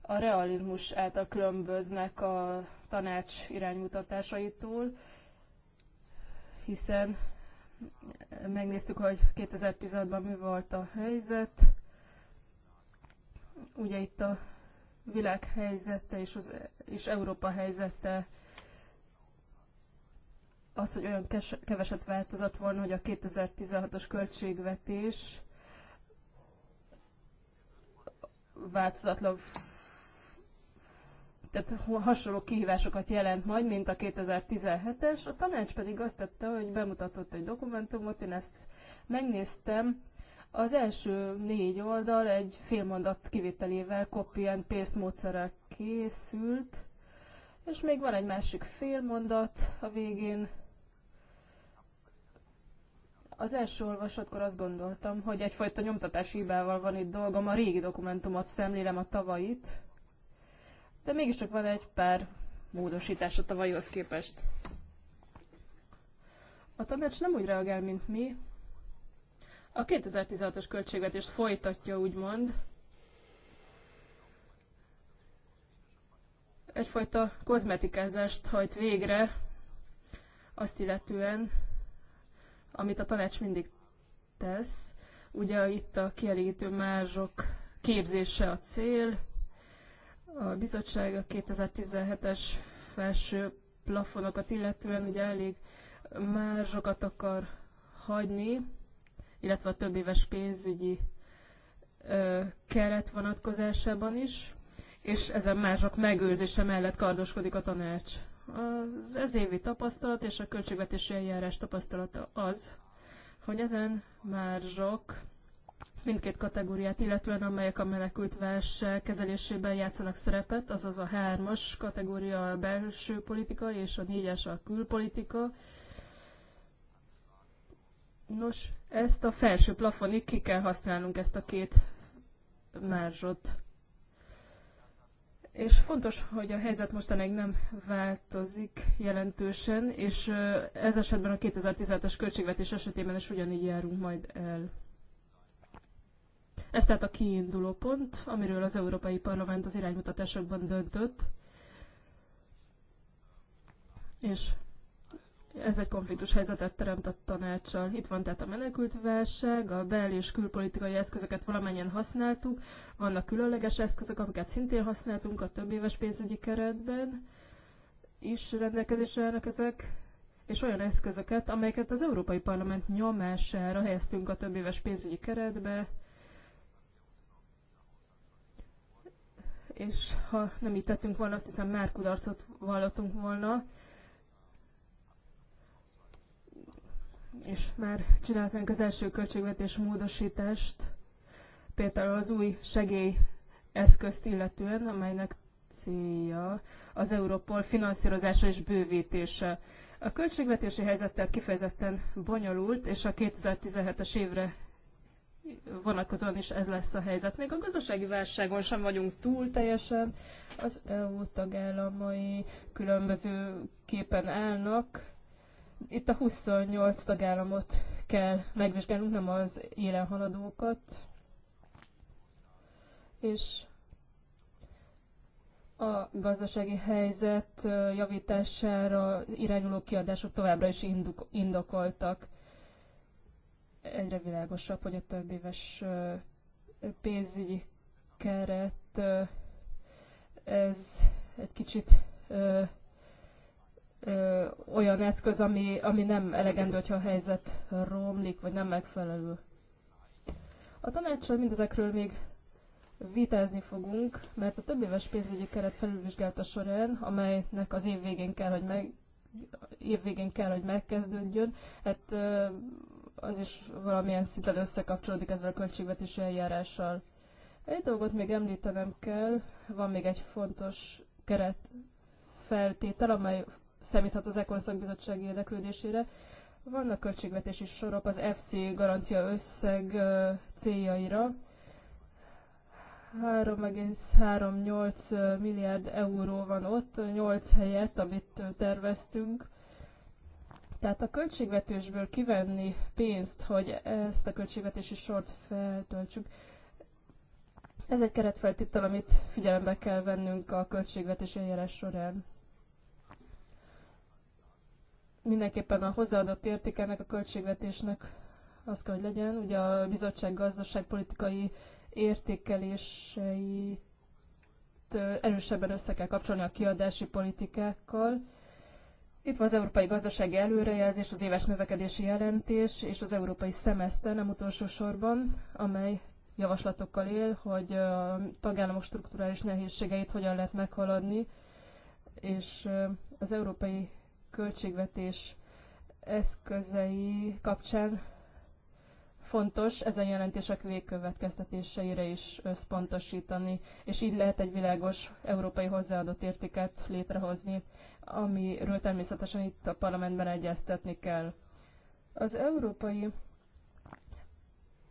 a realizmus által különböznek a tanács iránymutatásaitól, hiszen megnéztük, hogy 2016-ban mi volt a helyzet. Ugye itt a világ helyzete és, az, és Európa helyzete az, hogy olyan keveset változott volna, hogy a 2016-os költségvetés változatlan tehát hasonló kihívásokat jelent majd, mint a 2017-es. A tanács pedig azt tette, hogy bemutatott egy dokumentumot, én ezt megnéztem. Az első négy oldal egy félmondat kivételével copy and paste módszerrel készült, és még van egy másik félmondat a végén, az első olvasatkor azt gondoltam, hogy egyfajta nyomtatási hibával van itt dolgom, a régi dokumentumot szemlélem a tavait, de mégiscsak van egy pár módosítás a tavalyhoz képest. A tanács nem úgy reagál, mint mi. A 2016-os költségvetést folytatja, úgymond. Egyfajta kozmetikázást hajt végre, azt illetően, amit a tanács mindig tesz. Ugye itt a kielégítő mázsok képzése a cél. A bizottság a 2017-es felső plafonokat illetően ugye elég márzsokat akar hagyni, illetve a több éves pénzügyi ö, keret vonatkozásában is, és ezen márzsok megőrzése mellett kardoskodik a tanács. Az évi tapasztalat és a költségvetési eljárás tapasztalata az, hogy ezen sok mindkét kategóriát, illetően amelyek a menekült válság kezelésében játszanak szerepet, azaz a hármas kategória a belső politika és a négyes a külpolitika. Nos, ezt a felső plafonig ki kell használnunk, ezt a két márzsot. És fontos, hogy a helyzet mostanáig nem változik jelentősen, és ez esetben a 2017-es költségvetés esetében is ugyanígy járunk majd el. Ez tehát a kiinduló pont, amiről az Európai Parlament az iránymutatásokban döntött, és ez egy konfliktus helyzetet teremt a tanácssal. Itt van tehát a válság, a bel- és külpolitikai eszközöket valamennyien használtuk, vannak különleges eszközök, amiket szintén használtunk a több éves pénzügyi keretben, is rendelkezésre állnak ezek, és olyan eszközöket, amelyeket az Európai Parlament nyomására helyeztünk a több éves pénzügyi keretbe, és ha nem így tettünk volna, azt hiszem már kudarcot vallottunk volna, és már csináltunk az első költségvetés módosítást, például az új segélyeszközt illetően, amelynek célja az Európol finanszírozása és bővítése. A költségvetési helyzet tehát kifejezetten bonyolult, és a 2017-es évre vonatkozóan is ez lesz a helyzet. Még a gazdasági válságon sem vagyunk túl teljesen. Az EU tagállamai különböző képen állnak, itt a 28 tagállamot kell megvizsgálnunk, nem az élen haladókat. És a gazdasági helyzet javítására irányuló kiadások továbbra is indokoltak. Egyre világosabb, hogy a több éves pénzügyi keret ez egy kicsit ö, olyan eszköz, ami, ami nem elegendő, hogyha a helyzet romlik, vagy nem megfelelő. A tanácssal mindezekről még vitázni fogunk, mert a több éves pénzügyi keret felülvizsgálta során, amelynek az év végén kell, hogy meg, év végén kell, hogy megkezdődjön, hát az is valamilyen szinten összekapcsolódik ezzel a költségvetési eljárással. Egy dolgot még említenem kell, van még egy fontos keret feltétel, amely számíthat az Ekonszak Bizottság érdeklődésére. Vannak költségvetési sorok az FC garancia összeg céljaira. 3,38 milliárd euró van ott, 8 helyet, amit terveztünk. Tehát a költségvetésből kivenni pénzt, hogy ezt a költségvetési sort feltöltsük, ez egy keretfeltétel, amit figyelembe kell vennünk a költségvetési eljárás során mindenképpen a hozzáadott érték ennek a költségvetésnek az kell, hogy legyen. Ugye a bizottság gazdaságpolitikai értékeléseit erősebben össze kell kapcsolni a kiadási politikákkal. Itt van az Európai Gazdasági Előrejelzés, az éves növekedési jelentés és az Európai Szemeszter nem utolsó sorban, amely javaslatokkal él, hogy a tagállamok strukturális nehézségeit hogyan lehet meghaladni, és az Európai költségvetés eszközei kapcsán fontos ezen jelentések végkövetkeztetéseire is összpontosítani, és így lehet egy világos európai hozzáadott értéket létrehozni, amiről természetesen itt a parlamentben egyeztetni kell. Az európai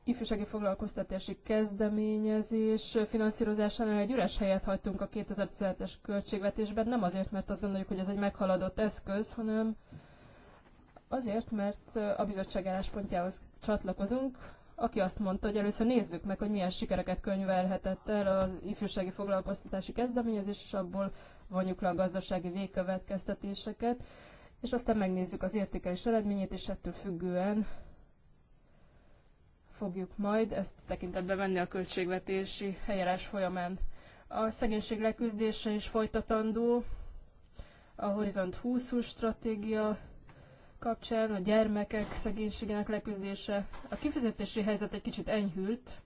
ifjúsági foglalkoztatási kezdeményezés finanszírozásánál egy üres helyet hagytunk a 2017-es költségvetésben, nem azért, mert azt gondoljuk, hogy ez egy meghaladott eszköz, hanem azért, mert a bizottság álláspontjához csatlakozunk, aki azt mondta, hogy először nézzük meg, hogy milyen sikereket könyvelhetett el az ifjúsági foglalkoztatási kezdeményezés, és abból vonjuk le a gazdasági végkövetkeztetéseket, és aztán megnézzük az értékelés eredményét, és ettől függően fogjuk majd ezt tekintetbe venni a költségvetési helyes folyamán. A szegénység leküzdése is folytatandó, a Horizont 2020 stratégia kapcsán a gyermekek szegénységének leküzdése. A kifizetési helyzet egy kicsit enyhült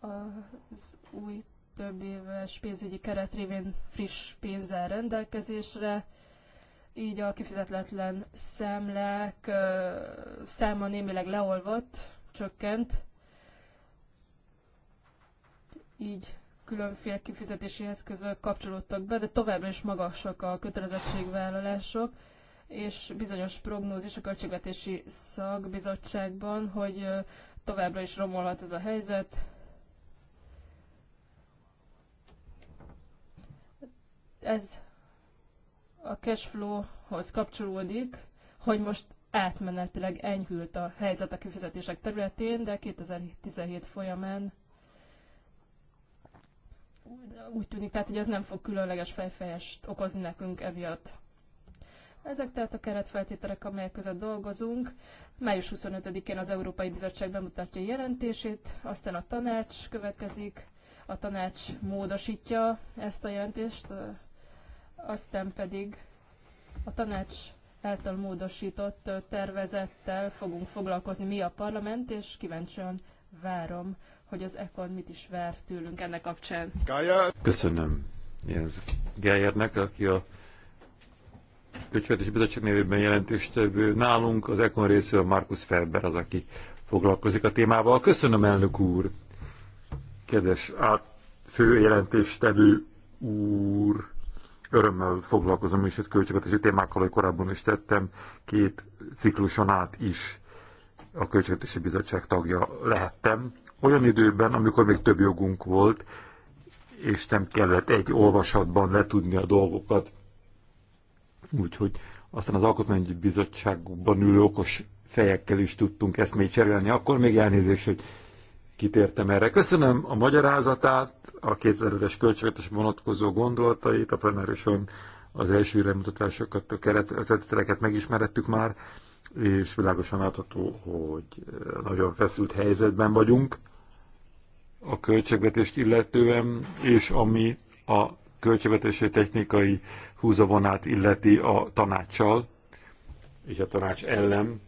az új több éves pénzügyi keret révén friss pénzzel rendelkezésre így a kifizetetlen számlák száma némileg leolvadt, csökkent, így különféle kifizetési eszközök kapcsolódtak be, de továbbra is magasak a kötelezettségvállalások, és bizonyos prognózis a Költségvetési Szakbizottságban, hogy továbbra is romolhat ez a helyzet. Ez a cash flow-hoz kapcsolódik, hogy most átmenetileg enyhült a helyzet a kifizetések területén, de 2017 folyamán úgy tűnik, tehát, hogy ez nem fog különleges fejfejest okozni nekünk emiatt. Ezek tehát a keretfeltételek, amelyek között dolgozunk. Május 25-én az Európai Bizottság bemutatja jelentését, aztán a tanács következik, a tanács módosítja ezt a jelentést, aztán pedig a tanács által módosított tervezettel fogunk foglalkozni mi a parlament, és kíváncsian várom, hogy az ekon mit is vár tőlünk ennek kapcsán. Köszönöm Jens Geyernek, aki a Költségvetési Bizottság nevében jelentést Nálunk az ekon részéről Markus Ferber az, aki foglalkozik a témával. Köszönöm, elnök úr! Kedves át, fő jelentéstevő úr! örömmel foglalkozom is itt költségvetési témákkal, hogy korábban is tettem, két cikluson át is a Költségvetési Bizottság tagja lehettem. Olyan időben, amikor még több jogunk volt, és nem kellett egy olvasatban letudni a dolgokat. Úgyhogy aztán az Alkotmányi Bizottságban ülő okos fejekkel is tudtunk eszmét cserélni. Akkor még elnézést, hogy kitértem erre. Köszönöm a magyarázatát, a 2000-es költségvetés vonatkozó gondolatait, a plenárison az első remutatásokat, a kereteket megismerettük már, és világosan látható, hogy nagyon feszült helyzetben vagyunk a költségvetést illetően, és ami a költségvetési technikai húzavonát illeti a tanácssal, és a tanács ellen.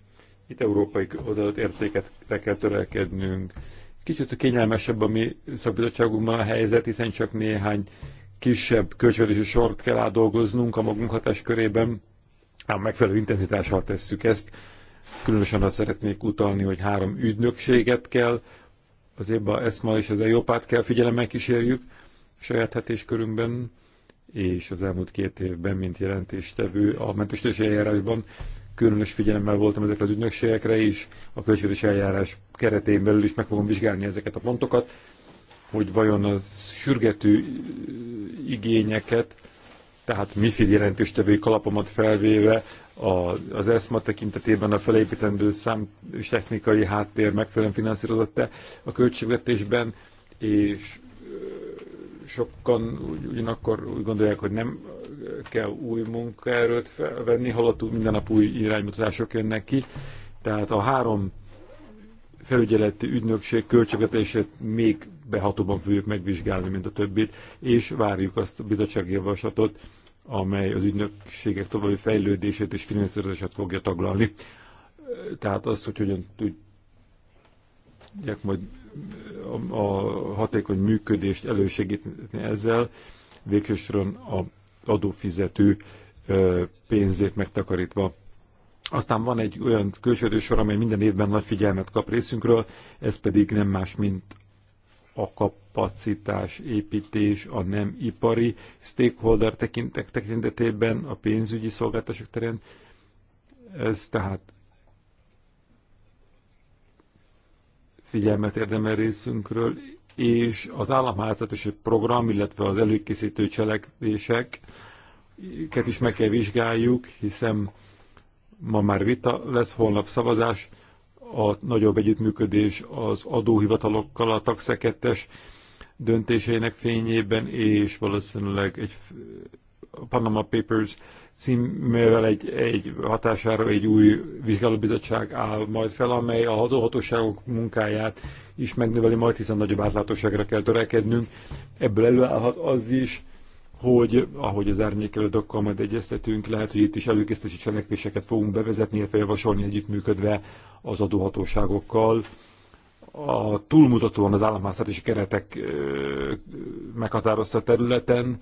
Itt európai hozzáadott értéket kell törekednünk, Kicsit kényelmesebb a mi szakbizottságunkban a helyzet, hiszen csak néhány kisebb költségvetési sort kell átdolgoznunk a magunk hatáskörében, ám megfelelő intenzitással tesszük ezt. Különösen azt szeretnék utalni, hogy három ügynökséget kell, az évben ma és az EIOPÁT kell figyelemmel kísérjük saját hetéskörünkben, és az elmúlt két évben, mint jelentéstevő a mentőstési eljárásban különös figyelemmel voltam ezekre az ügynökségekre is, a költségvetési eljárás keretén belül is meg fogom vizsgálni ezeket a pontokat, hogy vajon az sürgető igényeket, tehát MIFID jelentéstevői kalapomat felvéve a, az ESMA tekintetében a felépítendő szám és technikai háttér megfelelően finanszírozott-e a költségvetésben, és sokan ugyanakkor úgy gondolják, hogy nem kell új munkaerőt felvenni, holott minden nap új iránymutatások jönnek ki. Tehát a három felügyeleti ügynökség költségvetését még behatóban fogjuk megvizsgálni, mint a többit, és várjuk azt a bizottsági javaslatot, amely az ügynökségek további fejlődését és finanszírozását fogja taglalni. Tehát azt, hogy hogyan tudják majd a, a hatékony működést elősegíteni ezzel, végsősoron a adófizető pénzét megtakarítva. Aztán van egy olyan külsődő sor, amely minden évben nagy figyelmet kap részünkről, ez pedig nem más, mint a kapacitás építés a nem ipari stakeholder tekintetében, a pénzügyi szolgáltatások terén. Ez tehát figyelmet érdemel részünkről, és az államháztartási program, illetve az előkészítő cselekvéseket is meg kell vizsgáljuk, hiszen ma már vita lesz, holnap szavazás, a nagyobb együttműködés az adóhivatalokkal, a taxekettes döntéseinek fényében, és valószínűleg egy Panama Papers címével egy, egy hatására egy új vizsgálóbizottság áll majd fel, amely a hatóhatóságok munkáját is megnöveli majd, hiszen nagyobb átlátóságra kell törekednünk. Ebből előállhat az is, hogy ahogy az árnyékelődokkal majd egyeztetünk, lehet, hogy itt is előkészítési cselekvéseket fogunk bevezetni, illetve javasolni együttműködve az adóhatóságokkal. A túlmutatóan az és keretek meghatározta területen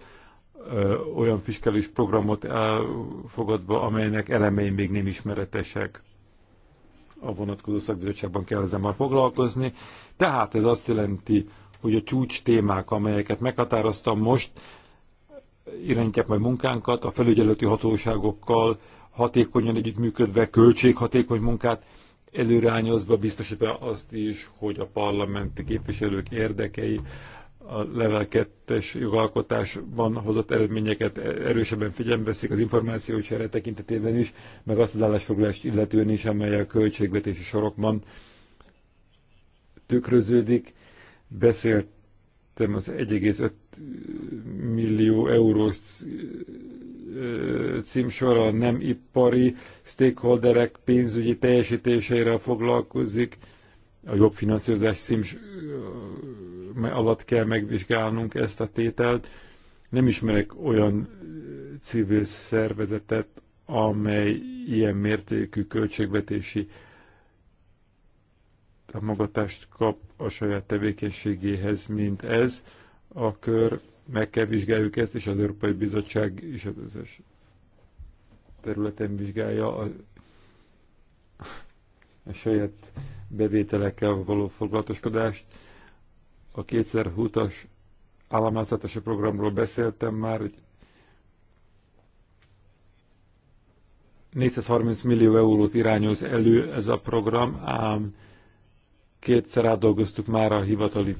olyan fiskális programot elfogadva, amelynek elemei még nem ismeretesek. A vonatkozó szakbizottságban kell ezzel már foglalkozni. Tehát ez azt jelenti, hogy a csúcs témák, amelyeket meghatároztam most, irányítják majd munkánkat, a felügyelőti hatóságokkal hatékonyan együttműködve, költséghatékony munkát előrányozva, biztosítva azt is, hogy a parlamenti képviselők érdekei a level 2-es jogalkotásban hozott eredményeket erősebben veszik az erre tekintetében is, meg azt az állásfoglalást illetően is, amely a költségvetési sorokban tükröződik. Beszéltem az 1,5 millió eurós a nem ipari stakeholderek pénzügyi teljesítéseire foglalkozik, a jobb finanszírozás cím alatt kell megvizsgálnunk ezt a tételt. Nem ismerek olyan civil szervezetet, amely ilyen mértékű költségvetési támogatást kap a saját tevékenységéhez, mint ez. A kör, meg kell vizsgáljuk ezt, és az Európai Bizottság is az összes területen vizsgálja a, a saját bevételekkel való foglalatoskodást. A 2020-as államháztartási programról beszéltem már, hogy 430 millió eurót irányoz elő ez a program, ám kétszer átdolgoztuk már a hivatali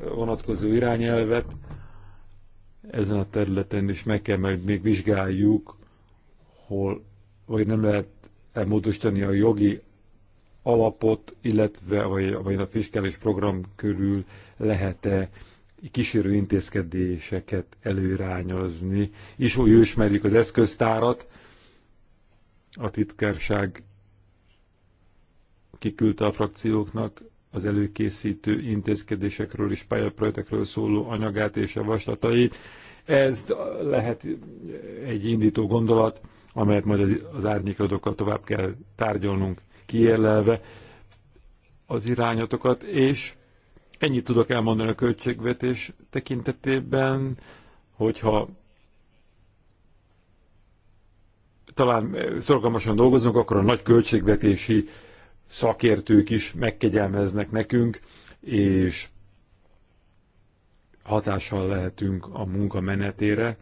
vonatkozó irányelvet. Ezen a területen is meg kell, meg még vizsgáljuk, hol, vagy nem lehet elmódosítani a jogi alapot, illetve vagy, vagy a fiskális program körül lehet-e kísérő intézkedéseket előrányozni. És úgy ismerjük az eszköztárat, a titkárság kiküldte a frakcióknak az előkészítő intézkedésekről és pályaprojektekről szóló anyagát és javaslatait. Ez lehet egy indító gondolat, amelyet majd az árnyékadókkal tovább kell tárgyalnunk kijelelve az irányatokat, és ennyit tudok elmondani a költségvetés tekintetében, hogyha talán eh, szorgalmasan dolgozunk, akkor a nagy költségvetési szakértők is megkegyelmeznek nekünk, és hatással lehetünk a munka menetére,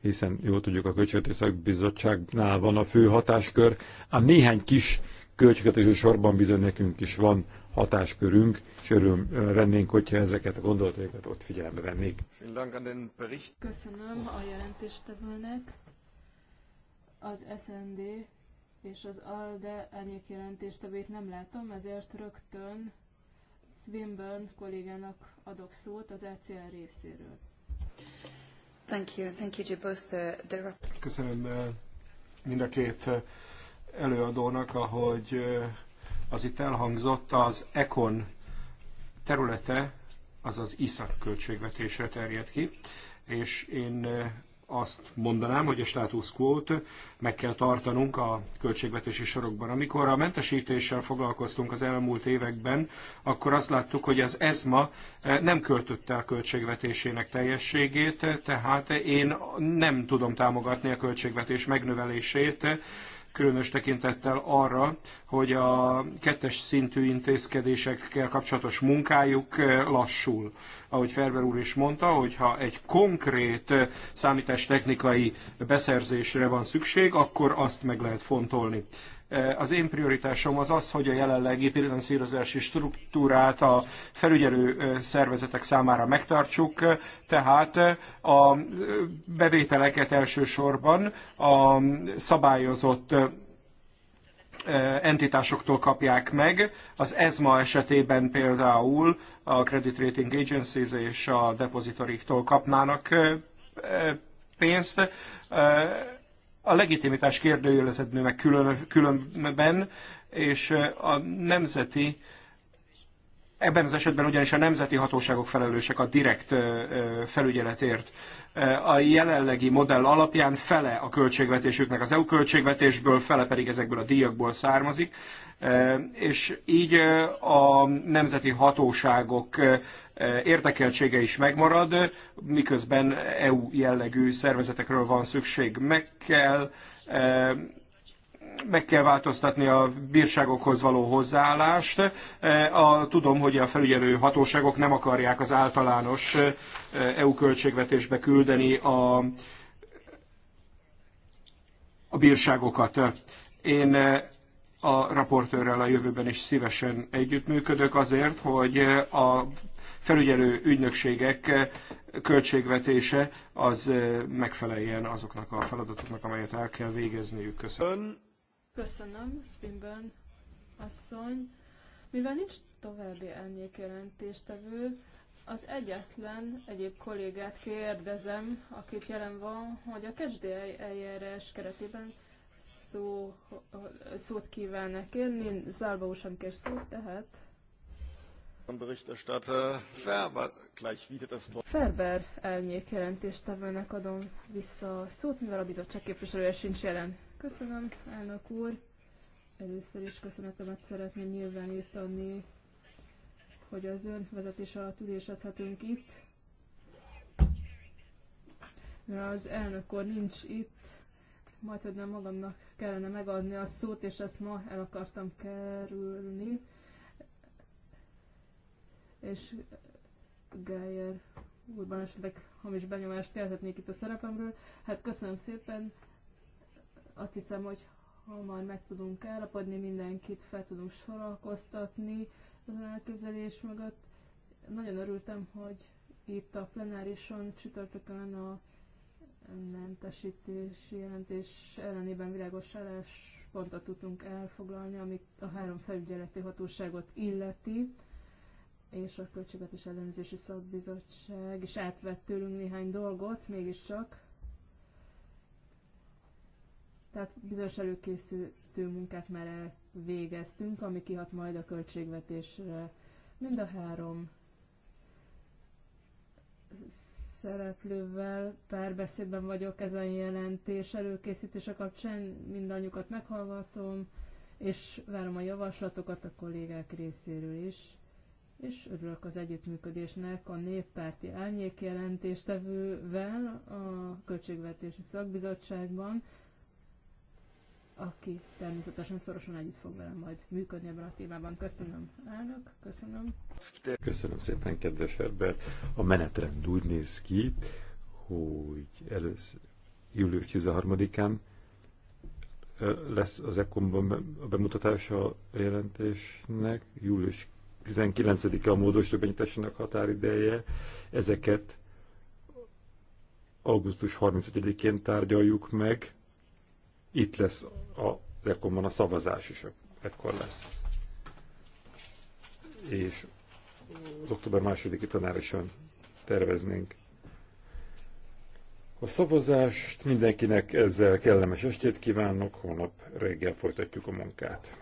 hiszen jól tudjuk, a Költségvetés Szakbizottságnál van a fő hatáskör, ám néhány kis költségvetésű sorban bizony nekünk is van hatáskörünk, és öröm vennénk, hogyha ezeket a gondolatokat ott figyelembe vennék. Köszönöm a jelentéstevőnek. Az SND és az ALDE elnyék jelentéstevét nem látom, ezért rögtön Swinburne kollégának adok szót az ECL részéről. Thank you. Thank you to both the, the... Köszönöm mind a két előadónak, ahogy az itt elhangzott, az ECON területe, az az költségvetésre terjed ki, és én azt mondanám, hogy a status quo-t meg kell tartanunk a költségvetési sorokban. Amikor a mentesítéssel foglalkoztunk az elmúlt években, akkor azt láttuk, hogy az ESMA nem költötte a költségvetésének teljességét, tehát én nem tudom támogatni a költségvetés megnövelését különös tekintettel arra, hogy a kettes szintű intézkedésekkel kapcsolatos munkájuk eh, lassul. Ahogy Ferber úr is mondta, hogyha egy konkrét eh, számítástechnikai beszerzésre van szükség, akkor azt meg lehet fontolni. Az én prioritásom az az, hogy a jelenlegi finanszírozási struktúrát a felügyelő szervezetek számára megtartsuk, tehát a bevételeket elsősorban a szabályozott entitásoktól kapják meg. Az ESMA esetében például a Credit Rating Agencies és a depozitoriktól kapnának pénzt a legitimitás kérdőjelezett meg különben, és a nemzeti Ebben az esetben ugyanis a nemzeti hatóságok felelősek a direkt felügyeletért. A jelenlegi modell alapján fele a költségvetésüknek az EU költségvetésből, fele pedig ezekből a díjakból származik, és így a nemzeti hatóságok érdekeltsége is megmarad, miközben EU jellegű szervezetekről van szükség. Meg kell meg kell változtatni a bírságokhoz való hozzáállást. Eh, a, tudom, hogy a felügyelő hatóságok nem akarják az általános eh, EU költségvetésbe küldeni a, a bírságokat. Én eh, a raportőrrel a jövőben is szívesen együttműködök azért, hogy a felügyelő ügynökségek költségvetése az megfeleljen azoknak a feladatoknak, amelyet el kell végezniük. Köszönöm. Köszönöm, Swinburne asszony. Mivel nincs további elnyékjelentéstevő, az egyetlen egyéb kollégát kérdezem, akit jelen van, hogy a KSDI eljárás keretében szó, szót kíván kérni. Zálba sem kér szót, tehát... Berichterstatter Ferber gleich wieder das Wort. Ferber elnyék jelentéstevőnek adom vissza a szót, mivel a bizottság képviselője sincs jelen. Köszönöm, elnök úr. Először is köszönetemet szeretném nyilvánítani, hogy az ön vezetés alatt ülésezhetünk itt. mert az elnök úr nincs itt, majd hogy nem magamnak kellene megadni a szót, és ezt ma el akartam kerülni. És Geyer úrban esetleg hamis benyomást kelthetnék itt a szerepemről. Hát köszönöm szépen, azt hiszem, hogy hamar meg tudunk állapodni, mindenkit fel tudunk sorakoztatni azon elképzelés mögött. Nagyon örültem, hogy itt a plenárison csütörtökön a mentesítési jelentés ellenében világos pontot tudtunk elfoglalni, amit a három felügyeleti hatóságot illeti, és a Költségvetés Ellenőrzési Szakbizottság is átvett tőlünk néhány dolgot, mégiscsak tehát bizonyos előkészítő munkát már elvégeztünk, ami kihat majd a költségvetésre. Mind a három szereplővel párbeszédben vagyok ezen jelentés előkészítése kapcsán, mindannyiukat meghallgatom, és várom a javaslatokat a kollégák részéről is, és örülök az együttműködésnek a néppárti árnyék jelentéstevővel a Költségvetési Szakbizottságban, aki természetesen szorosan együtt fog velem majd működni ebben a témában. Köszönöm, elnök, köszönöm. Köszönöm szépen, kedves Herbert. A menetrend úgy néz ki, hogy először július 13-án lesz az ecom a bemutatása a jelentésnek, július 19-e a módosító benyitásának határideje. Ezeket augusztus 31-én tárgyaljuk meg, itt lesz az ekonban a szavazás is, ekkor lesz. És az október második tanárosan terveznénk a szavazást. Mindenkinek ezzel kellemes estét kívánok, holnap reggel folytatjuk a munkát.